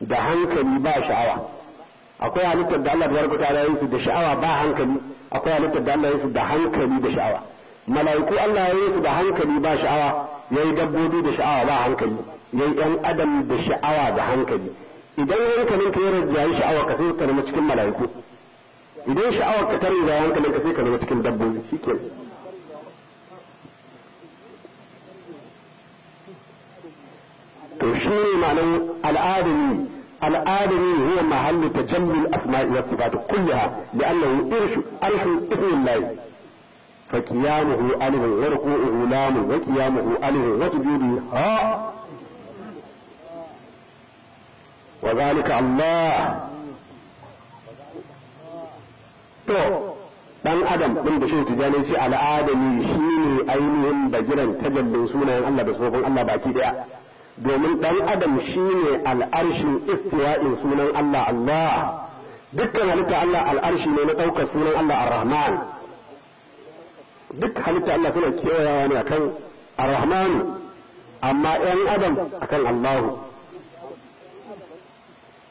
da hankali ba sha'awa akwai halittar da Allah tabaraka ta'ala ya yi su da sha'awa ba hankali akwai halittar da Allah ya yi su da hankali da sha'awa mala'iku Allah ya yi su da hankali ba sha'awa yayi dabbobi da sha'awa ba hankali yayi ɗan adam da sha'awa da hankali idan hankalin ka ya yi sha'awa ka sai ka cikin mala'iku idan sha'awar ka tare da hankalin ka sai ka zama cikin dabbobi shikenan شنو معنى الآدمي الآدمي هو محل تجلي الأسماء والصفات كلها لأنه إرش أرش اسم الله فكيامه ألف وركوعه لام وكيامه ألف وسجوده ها وذلك الله تو dan adam din da shi tijani shi al'adami shine ainihin bagiran tajallin sunayen Allah da sofin Allah baki daya domin ɗan adam shi ne al'arshin istiwa'in sunan Allah Allah dukkan halitta Allah al'arshi ne na ɗaukar sunan Allah ar-Rahman duk halitta Allah suna kewayawa ne akan ar-Rahman amma ɗan adam akan Allah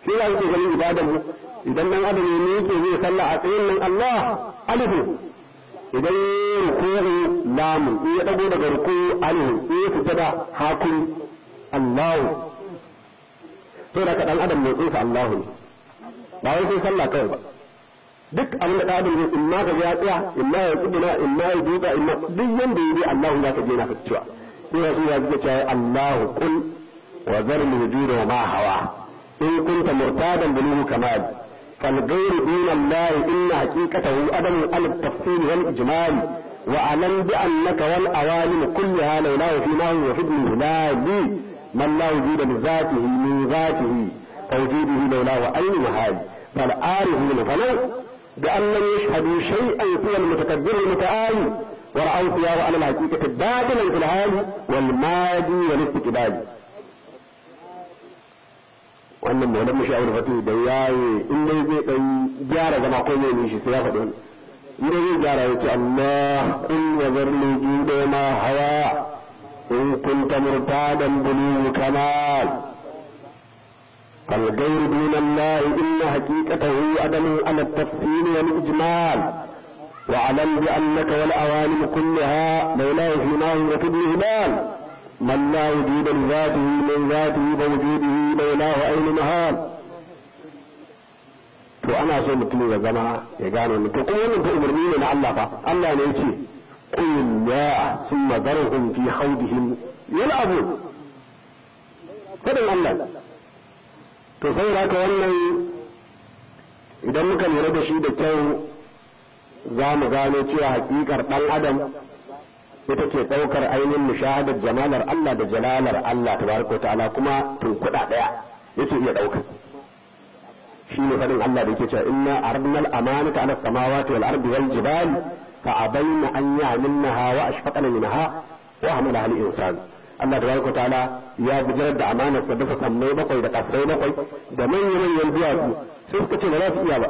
shi ya yake ganin ibadan idan ɗan adam ne yake zai sallah a tsayin nan Allah alifu idan ruku'u lamun in ya dago daga ruku'u alifu in ya da hakuri Allahu to da kaɗan adam mai tsufa Allahu ne ba wai sai sallah kawai ba duk abin da ɗan adam zai in ma ka ya tsaya in ma ya tsuguna in ma ya duka in ma duk yanda ya bi Allahu za ka je na fitowa sai ya tsaya zuwa cewa Allahu kul wa zarni wujuda ma hawa in kunta murtadan buluhu kamal فالغير دون الله إن حقيقته عدم على التفصيل والإجمال وأعلم بأنك والأوالم كلها لولاه فيما هو وحد لا لي من لا وجود لذاته من ذاته فوجوده لولاه أي محال بل عارف من فلو بأن لم يشهدوا شيئا سوى المتكبر المتآل ورأوا سواه على الحقيقة باطلا في الحال والماضي والاستقبال وأن mai wadanda sha'awar fatu da ya yi in dai zai dan سياسة zama ko mai shi sai ya faɗi in dai zai إن كنت مرتادا بني كمال فالغير دون الله إن حقيقته أدم على التفصيل والإجمال واعلم بأنك والأوانم كلها مولاه حماه وكبر هلال من لا وجود لذاته من ذاته بوجوده مولاه أين مهال وأنا ana so mutum يا zama يا gane ni to أمرني من ta الله ne قل لا ثم ذرهم في حوضهم يلعبون هذا الله تصور هكا وانه اذا ما كان يرد شيء ده كاو زام غانو تي حقيقه دان ادم يتكي توكر عين مشاهده جمال الله ده جلال الله تبارك وتعالى كما تو كدا ديا يتي يا دوك شي ما الله ده كيتا ان اردنا الامانه على السماوات والارض والجبال فأبين أن يعملنها وأشفقن منها وأعملها الإنسان Allah da baraka ta'ala ya gudanar da amanar da dafa sammai bakwai da kasai bakwai da manyan manyan duwatsu sai suka ce ba za su iya ba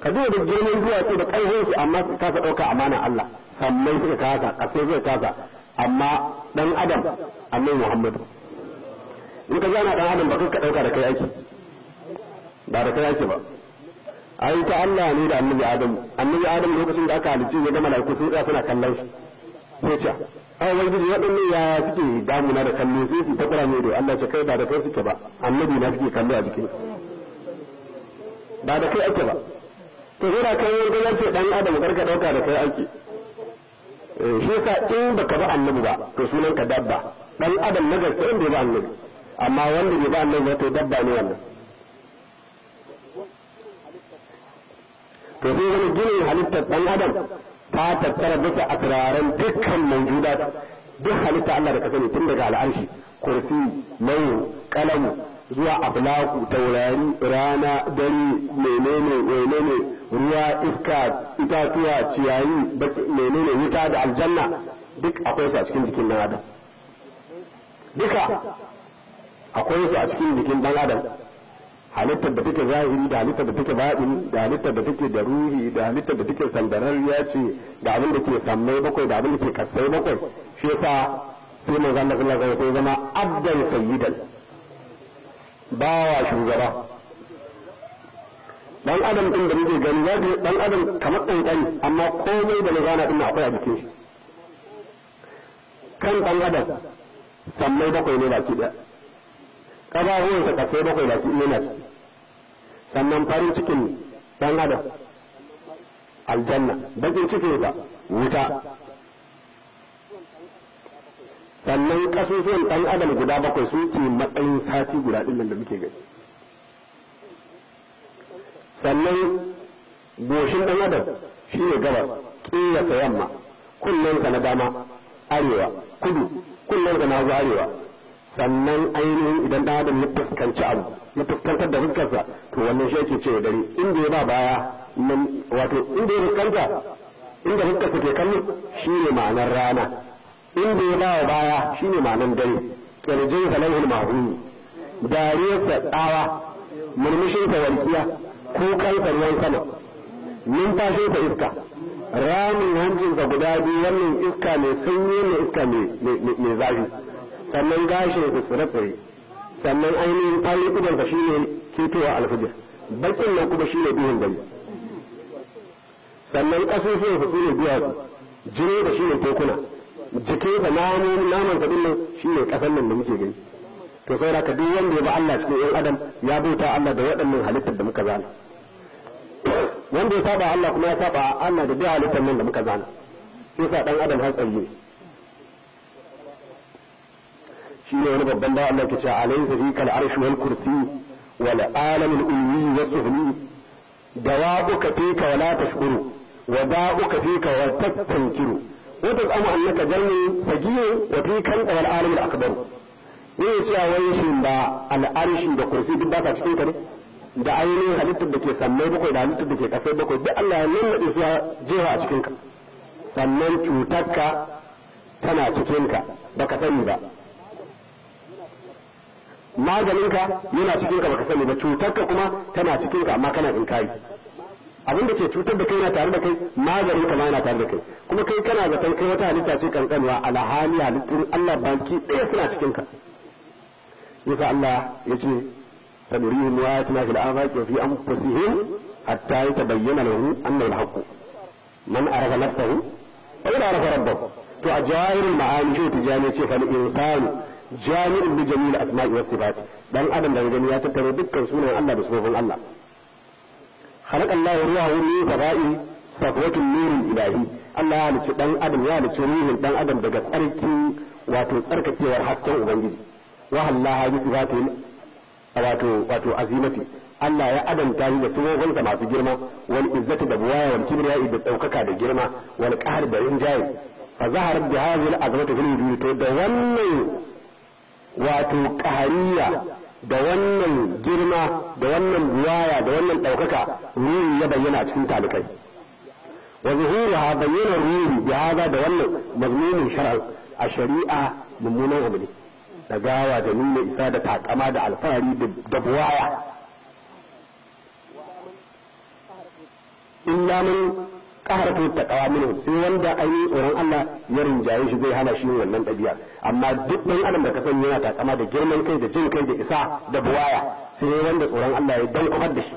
ka duba da girman duwatsu da ƙarfin su amma su kasa ɗauka amana Allah sammai suka kasa kasai suka kasa amma dan adam annabi Muhammadu in ka zana dan adam ba ka ɗauka da kai aiki ba da kai aiki ba ai ta Allah ne da annabi Adam annabi Adam lokacin da aka halice ya ga malaiku sun tsaya suna kallon shi sai ce ai da wadanne ya suke damuna da kallon sai su ta kura ne da Allah ce kai ba da kai suke ba annabi na suke kallo a jikin ba da kai ake ba to sai da kai wanda ya ce dan Adam karka dauka da kai ake eh, shi yasa in baka ba annabi ba to sunan ka dabba dan Adam na gaskiya inda ba annabi amma wanda bai ba annabi ba to dabba ne wannan to sai zama ginin halittar ɗan adam ta tattara bisa asraran dukkan mawjudat duk halitta Allah da kasani tun daga al'arshi kursi mai kalamu zuwa aflaku taurari rana dare menene menene ruwa iska itatuwa ciyayi menene wuta da aljanna duk akwai su a cikin jikin dan adam duka akwai su a cikin jikin dan adam halittar da take zahiri da halittar da take baɗini da halittar da take da ruhi da halittar da take ya ce da abin da ke sammai bakwai da abin da ke kasai bakwai shi yasa sai mai zan da kula sai zama abdan sayyidan bawa shugaba dan adam din da muke gani ya ce dan adam kamar kankani amma komai da magana din akwai a jikin shi kan dan adam sammai bakwai ne baki daya ƙafafuwansa kasai bakwai baki ɗaya na ciki sannan farin cikin ɗan adam aljanna bakin cikin ba wuta sannan ƙasusuwan ɗan adam guda bakwai suke matsayin sati guda ɗin nan da muke gani sannan goshin ɗan adam shi ne gabas kiyasa yamma kullum na dama arewa kudu kullum na arewa sannan ainihin idan ɗan adam ya fuskanci abu na fuskantar da fuskarsa to wannan shi ake cewa dare inda ya ba baya wato inda ya fuskanta inda fuskarsa ke kallo shi ne ma'anar rana inda ya ba baya shi ne ma'anar dare kirjin salaihin mahuni dariyarsa tsawa murmushinsa walƙiya ko kansa ruwan sama numfashinsa iska ramin hancinsa guda biyu wannan iska mai sanyi mai iska mai zafi sannan gashin su tsire-tsire sannan ainihin ainihin idan ka shine ketowa alfajir bakin nan kuma shine duhun gari sannan kasusuwan su ne duwatsu jini da shine tekuna jikin da namun naman ka dinnan shine kasan nan da muke gani to saboda ka duk wanda ya ba Allah cikin yan adam ya bauta Allah da waɗannan halittar da muka zana wanda ya saba Allah kuma ya saba Allah da duk halittar nan da muka zana sai sa dan adam har tsaye shi ne wani babban da Allah ke cewa alaysa zafi kal arshi wal kursi wal alamul ulwi wa tuhli ka fi ka wala tashkuru wa ka wal tatankiru tastankiru wa tasamu annaka jalmi sagiyo wa fi kan wal alamul akbar ne ya cewa wai shi ba al'arshi da kursi duk ba sa cikin ka ne da ainihin halittar da ke sannan bakwai da halittar da ke kasai bakwai duk Allah ya nannaɗe su ya jefa a cikin ka sannan ka tana cikin ka baka sani ba maganinka yana cikin ka baka sani ba cutarka kuma tana cikin ka amma kana inkari abinda da ke cutar da kai yana tare da kai maganin ka ma yana tare da kai kuma kai kana zaton kai wata halitta ce kankanwa alhali halittun Allah baki ɗaya suna cikin ka yasa Allah yace sanurihim wa ayatina fil afaqi fi anfusihim hatta yatabayyana lahum anna alhaq man arafa nafsahu fa ila rabbahu to a ma'ani shi tijani ce al insanu jami'in bi jami'il asma'i was sifat dan adam daga gani ya tattare dukkan sunan Allah da sunan Allah خلق الله روحه من فضاء صفوة النور الإلهي Allah ya halicci dan adam ya halicci ruhin dan adam daga tsarki wato tsarkakewar hasken ubangiji wa Allah bi sifatin wato wato azimati Allah ya adanta shi da sunan masu girma wal izzati da buwaya wal kibriya da daukaka da girma wal qahr da rinjaye fa zaharat bi hadhihi to da wannan wato ƙahariya da wannan girma da wannan buwaya da wannan ɗaukaka ruhi ya bayyana a cikin talikai wa zuhuruha bayyana ruhi bi hada da wannan mazmunin shar'a a shari'a mummunan abu ne dagawa da nuna isa da takama da alfahari da buwaya illa min ta taqwa minhu sai wanda ainihin tsoron Allah ya rinjaye shi zai hana shi wannan ɗabi'a amma duk ɗan adam da ka sani yana takama da girman kai da jin kai da isa da buwaya sai wanda tsoron Allah ya dan kwar da shi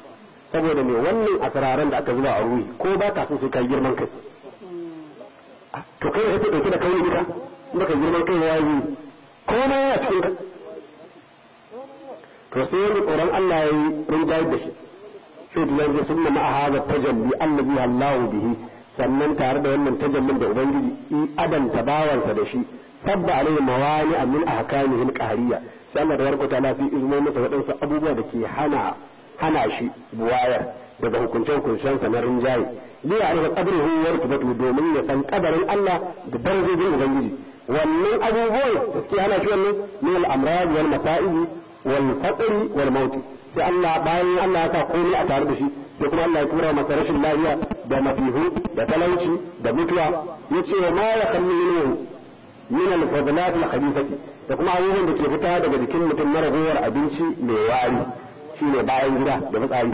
saboda me wannan asararan da aka zuba a ruhi ko ba ka so sai ka girman kai to kai da kake da kai ne inda ka girman kai ya yi ko ma ya cikin ka to sai wanda tsoron Allah ya rinjaye da shi fi'ilin sun na ma'a da tajalli allazi hallahu bihi sannan tare da wannan tajallin da ubangiji i adam ta bawansa da shi sabba alaihi mawani amin ahkamihi alqahriya sai Allah tabaraka ta'ala fi izmo masa wadansu abubuwa da ke hana hana shi buwayar daga hukunce hukuncen sa na rinjaye li ya'rifu qadruhu wa rutbatuhu domin ya san qadarin Allah da darajojin ubangiji wannan abubuwan da suke hana shi wannan min al-amrad wal masa'ib wal faqr wal maut sai Allah bayan Allah ya sa komai a tare da shi sai kuma Allah ya tura masa rashin lafiya da masihu da talauci da mutuwa ce wa ma ya kammilu min al-fadlat al-khabithati da kuma abubuwan da ke fita daga jikin mutum na ragowar abinci mai wari shine bayan gida da mutsari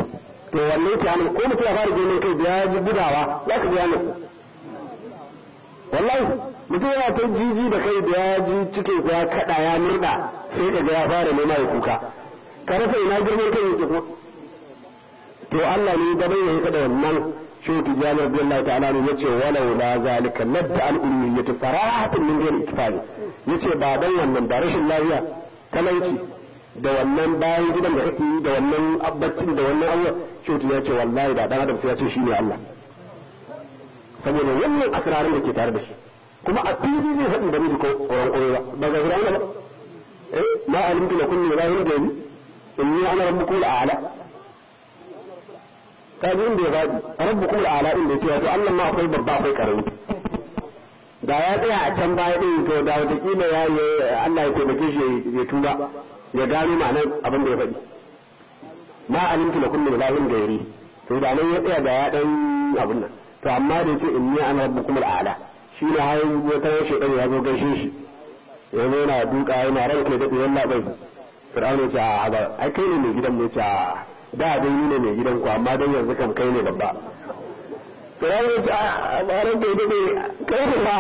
to wanne yake hannun ko mutum ya fara girman kai da ya ji gudawa za ka ji hannun wallahi mutum yana ta jiji da kai da ya ji cikin ya kada ya murda sai ka ya fara nema ya kuka ka rasa ina girman kai yake ko to Allah ne da bai ka da wannan shi tijani radiyallahu ta'ala ne yace walau la zalika ladda al ummiyatu farahatun min ghairi ittifaqi yace ba dan wannan ba rashin lafiya talauci da wannan bayan gidan da kake yi da wannan abbacin da wannan Allah shi ya ce wallahi da dan adam sai ya ce shine Allah saboda wannan asrarin da ke tare da shi kuma a fili zai faɗi da ni ko ƙoron ƙoro ba ga hirana ba eh ma alimtu lakum min ilahin ghayri إني أنا ربك الأعلى قال إن ya غادي ربك الأعلى إن ya ce wato Allah ma akwai babba akwai karami da ya tsaya a can baya din to da wata kila ya Allah ya taimake shi ya tuba ya gano ma'anar abin da ya faɗi ma alimtu lakum min ilahin gairi to da nan ya tsaya da ya dan abin yace shi ne hayin wata shekaru ya zo gaishe shi ya zo na duka yana ranke da ɗiyan yana fir'auna ya ce a ba ai kai ne mai gidan ne ce a da dai ni ne mai gidan ku amma dan yanzu kan kai ne babba fir'auna ya ce a ran kai dai kai ne ba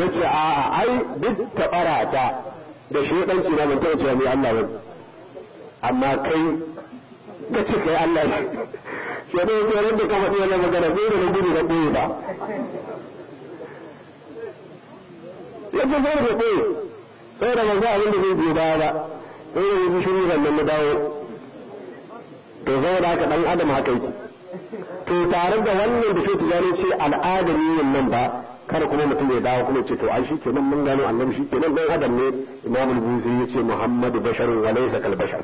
ya ce a ai duk tabara ta da shedanci na ban taɓa cewa ni Allah ne. amma kai ka ce kai Allah ne shedan ya ce ran da kama tsaye na magana ko da na gudu da ɓoye ba ya ce zai da sai da ban abin da zai biyo baya ba sai ya yi shiru sannan mu dawo to zama da haka dan adam haka yi. to tare da wannan da shi gano ce al'adami yin nan ba kada kuma mutum ya dawo kuma ce to ai shikenan mun gano annabi shikenan dan adam ne imamul buzi ya ce muhammadu basharun wa laysa kal bashar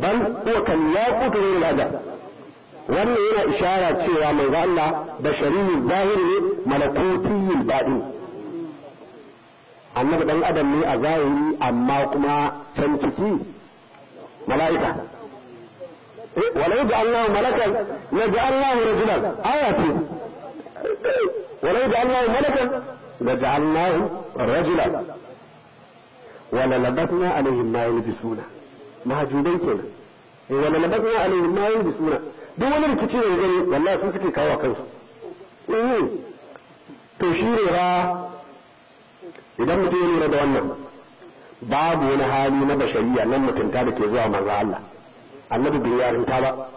bal huwa kal yaqut min adam wannan yana ishara cewa manzo Allah bashariyul zahiri ne malakutiyul batin annabi dan adam ne a zahiri amma kuma can ciki mala'ika eh, wala yaj'alnahu malakan naj'alnahu rajulan aya ce wala yaj'alnahu malakan naj'alnahu rajulan wala labatna alaihim ma yalbisuna mahjubai kenan eh, wala labatna alaihim ma yalbisuna duk wani rikici ne gani wallahi sun suke kawo kansu eh, to shi ne ra. idan mutum ya lura da wannan babu wani hali na bashariya nan mutunta da ke zuwa manzo Allah annabi bin yarinta ba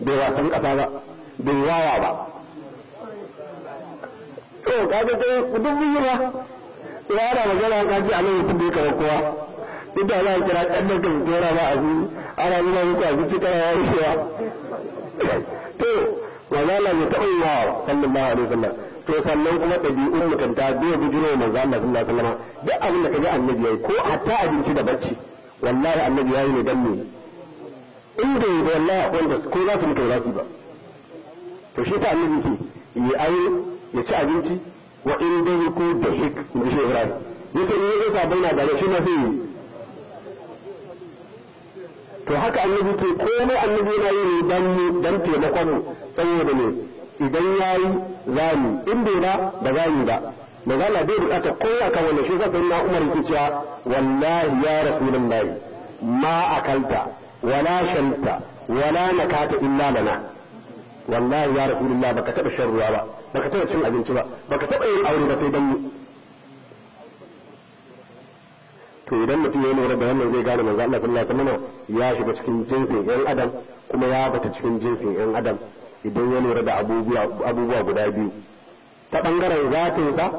bai wasan kasa ba bin wawa ba to kaga dai duk yiwa ina da magana ka ji a lokacin da yake kowa inda za a kira kannan ka tsora ba a ji ana nuna muku a zuci kana yarishewa to manzo Allah bai taɓa yi wawa sallallahu alaihi wasallam to sannan kuma ɗabi'un mutunta bai jiro mai zama sun alaihi lama duk abin da ji annabi yi ko a ta abinci da bacci wallahi annabi yi ne dan ne inda yi da wallahi akwai da ko za su mutu za su ba to shi ta annabi ke yi ayo ya ci abinci wa in yi ko da hik in ji shi Ibrahim yace in yayi sabon na gare shi ma sai yi to haka annabi ke komai annabi yana yi ne don dan taimakon mu saboda ne idan za mu in bai ba ba zani ba manzo Allah bai bukata kowa kan wannan shi sai na Umar yake cewa wallahi ya rasulullahi ma akalta wala shanta wala na kata illa lana wallahi ya rasu rasulullahi baka taɓa shan ruwa ba baka taɓa cin abinci ba baka taɓa yin aure ba sai dan mu to idan mutum ya lura da wannan zai gane manzo Allah sallallahu alaihi wasallam ya shiga cikin jinsin yan adam kuma ya bata cikin jinsin yan adam idan ya lura da abubuwa guda biyu ta ɓangaren zatinsa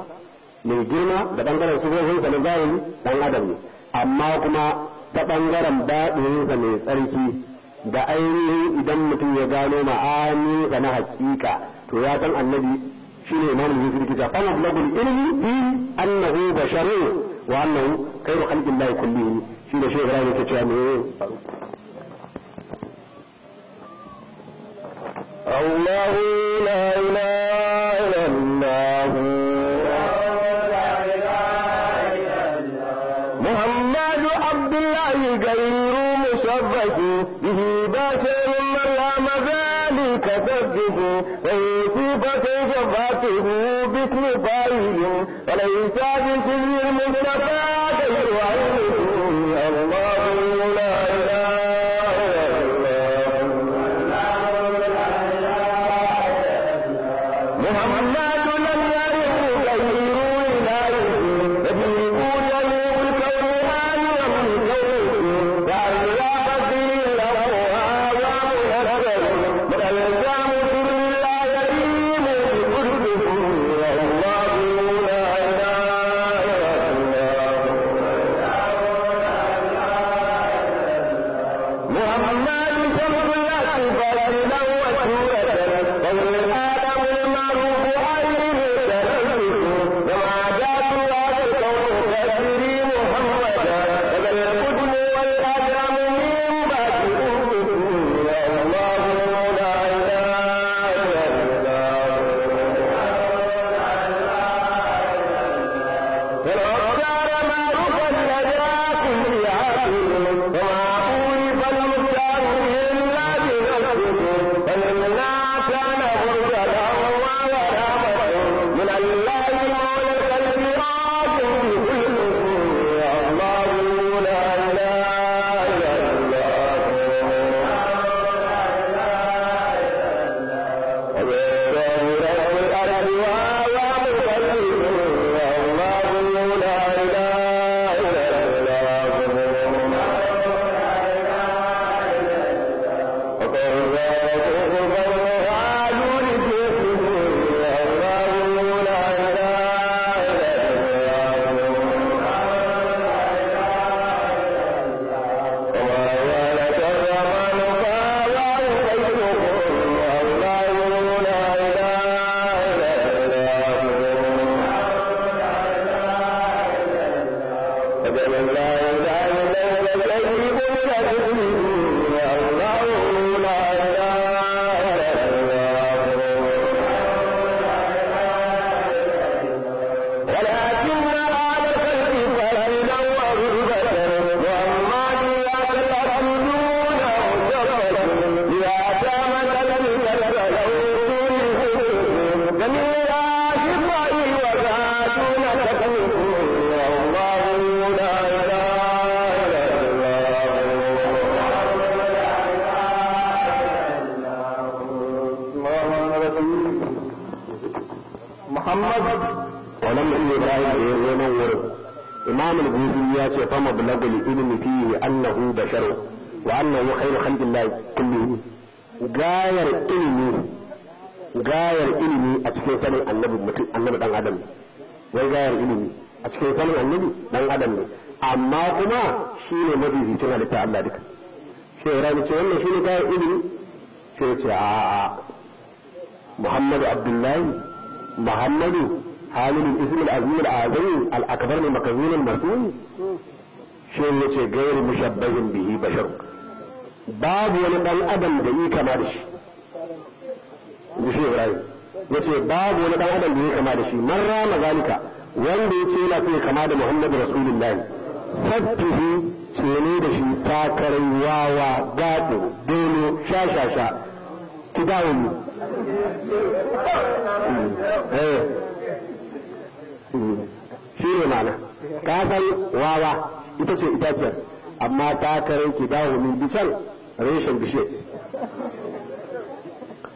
mai girma da ɓangaren sufofinsa na zahiri ɗan adam ne amma kuma ta ɓangaren daɗinsa mai tsarki da ainihin idan mutum ya gano ma'aninsa na hakika to ya san annabi shi shine imamu yusuf kita fa mablagul ilmi bi annahu basharun wa annahu khairu khalqillah kullihim ne shi shi ya ga yake cewa ne الله لا إله إلا الله محمد عبد الله غير مصدق به بشر من لا مزال كصدقه ويوصف كيف فاته باسم فاعل وليس بسر المدرك zalika wanda ya ce yana so kama da muhammadu rasulullahi sattuhu tsene da shi takarar wawa gaɗo dolo sha sha sha ki dawo mu eh. eh. shi ne mana ka san wawa ita ce itaciyar amma takarar ki dawo min bisan reshen bishiyar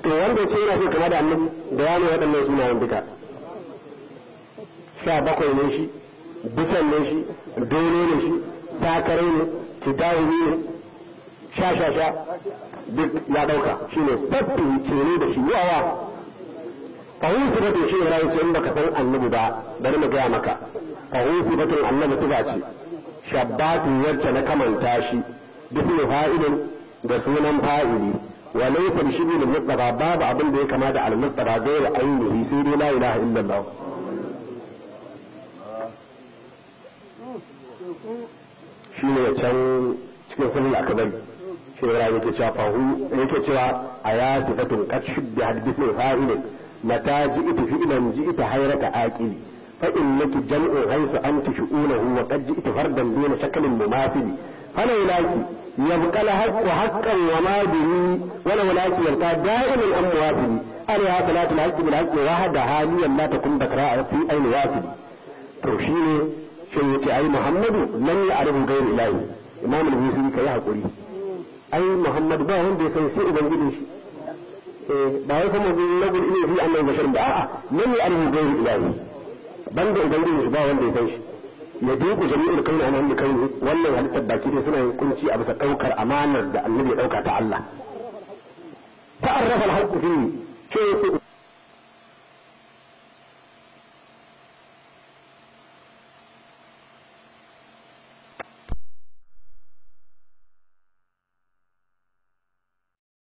to wanda ya ce yana so kama da annabi da ya ne waɗannan sunayen duka sha bakwai ne shi bisan ne shi dole ne shi takarai ne fidawuri ne sha sha sha duk ya ɗauka shi ne fattun cene da shi yawa fahimci batun shi ne rayu ce in baka san annabi ba bari mu gaya maka fahimci batun annabi tuba ce shabbatu yadda na kamanta shi duk ne fa'ilin da sunan fa'ili وليس بشبه المصطفى باب عبد كما دعا المصطفى غير عينه سيدي لا اله da الله shine ya can cikin aka bari shi ne rayu ke cewa fahu yake cewa a ya tun kashib da hadisin fa'ilin mata ji'ita fi'ilan ji'ita hayrata aqili fa innaki jam'u haythu anti shu'unahu wa qad ji'ita fardan duna shakalin mumathili fala ilaki يبقى الحق حقا وما به ولو لك يبقى دائما أم وافد ألا صلاة الحق بالحق وحدها haliyan la takun بكراء fi ayni وافد to shine sai ya ce ai muhammadu lam ya arabu gairu ilahi imam al-busiri kai hakuri ai muhammad ba wanda ya san sai ubangijin shi ba ya kuma lagun ilmi fi annal bashar ba a'a lam ya arabu gairu ilahi banda ubangijin shi ba wanda ya san shi ya duku jami'ul kauni a nan kai wannan halittar baki ne suna hukunci a bisa daukar amanar da annabi ya dauka ta Allah ta'arrafa al-haqqu fi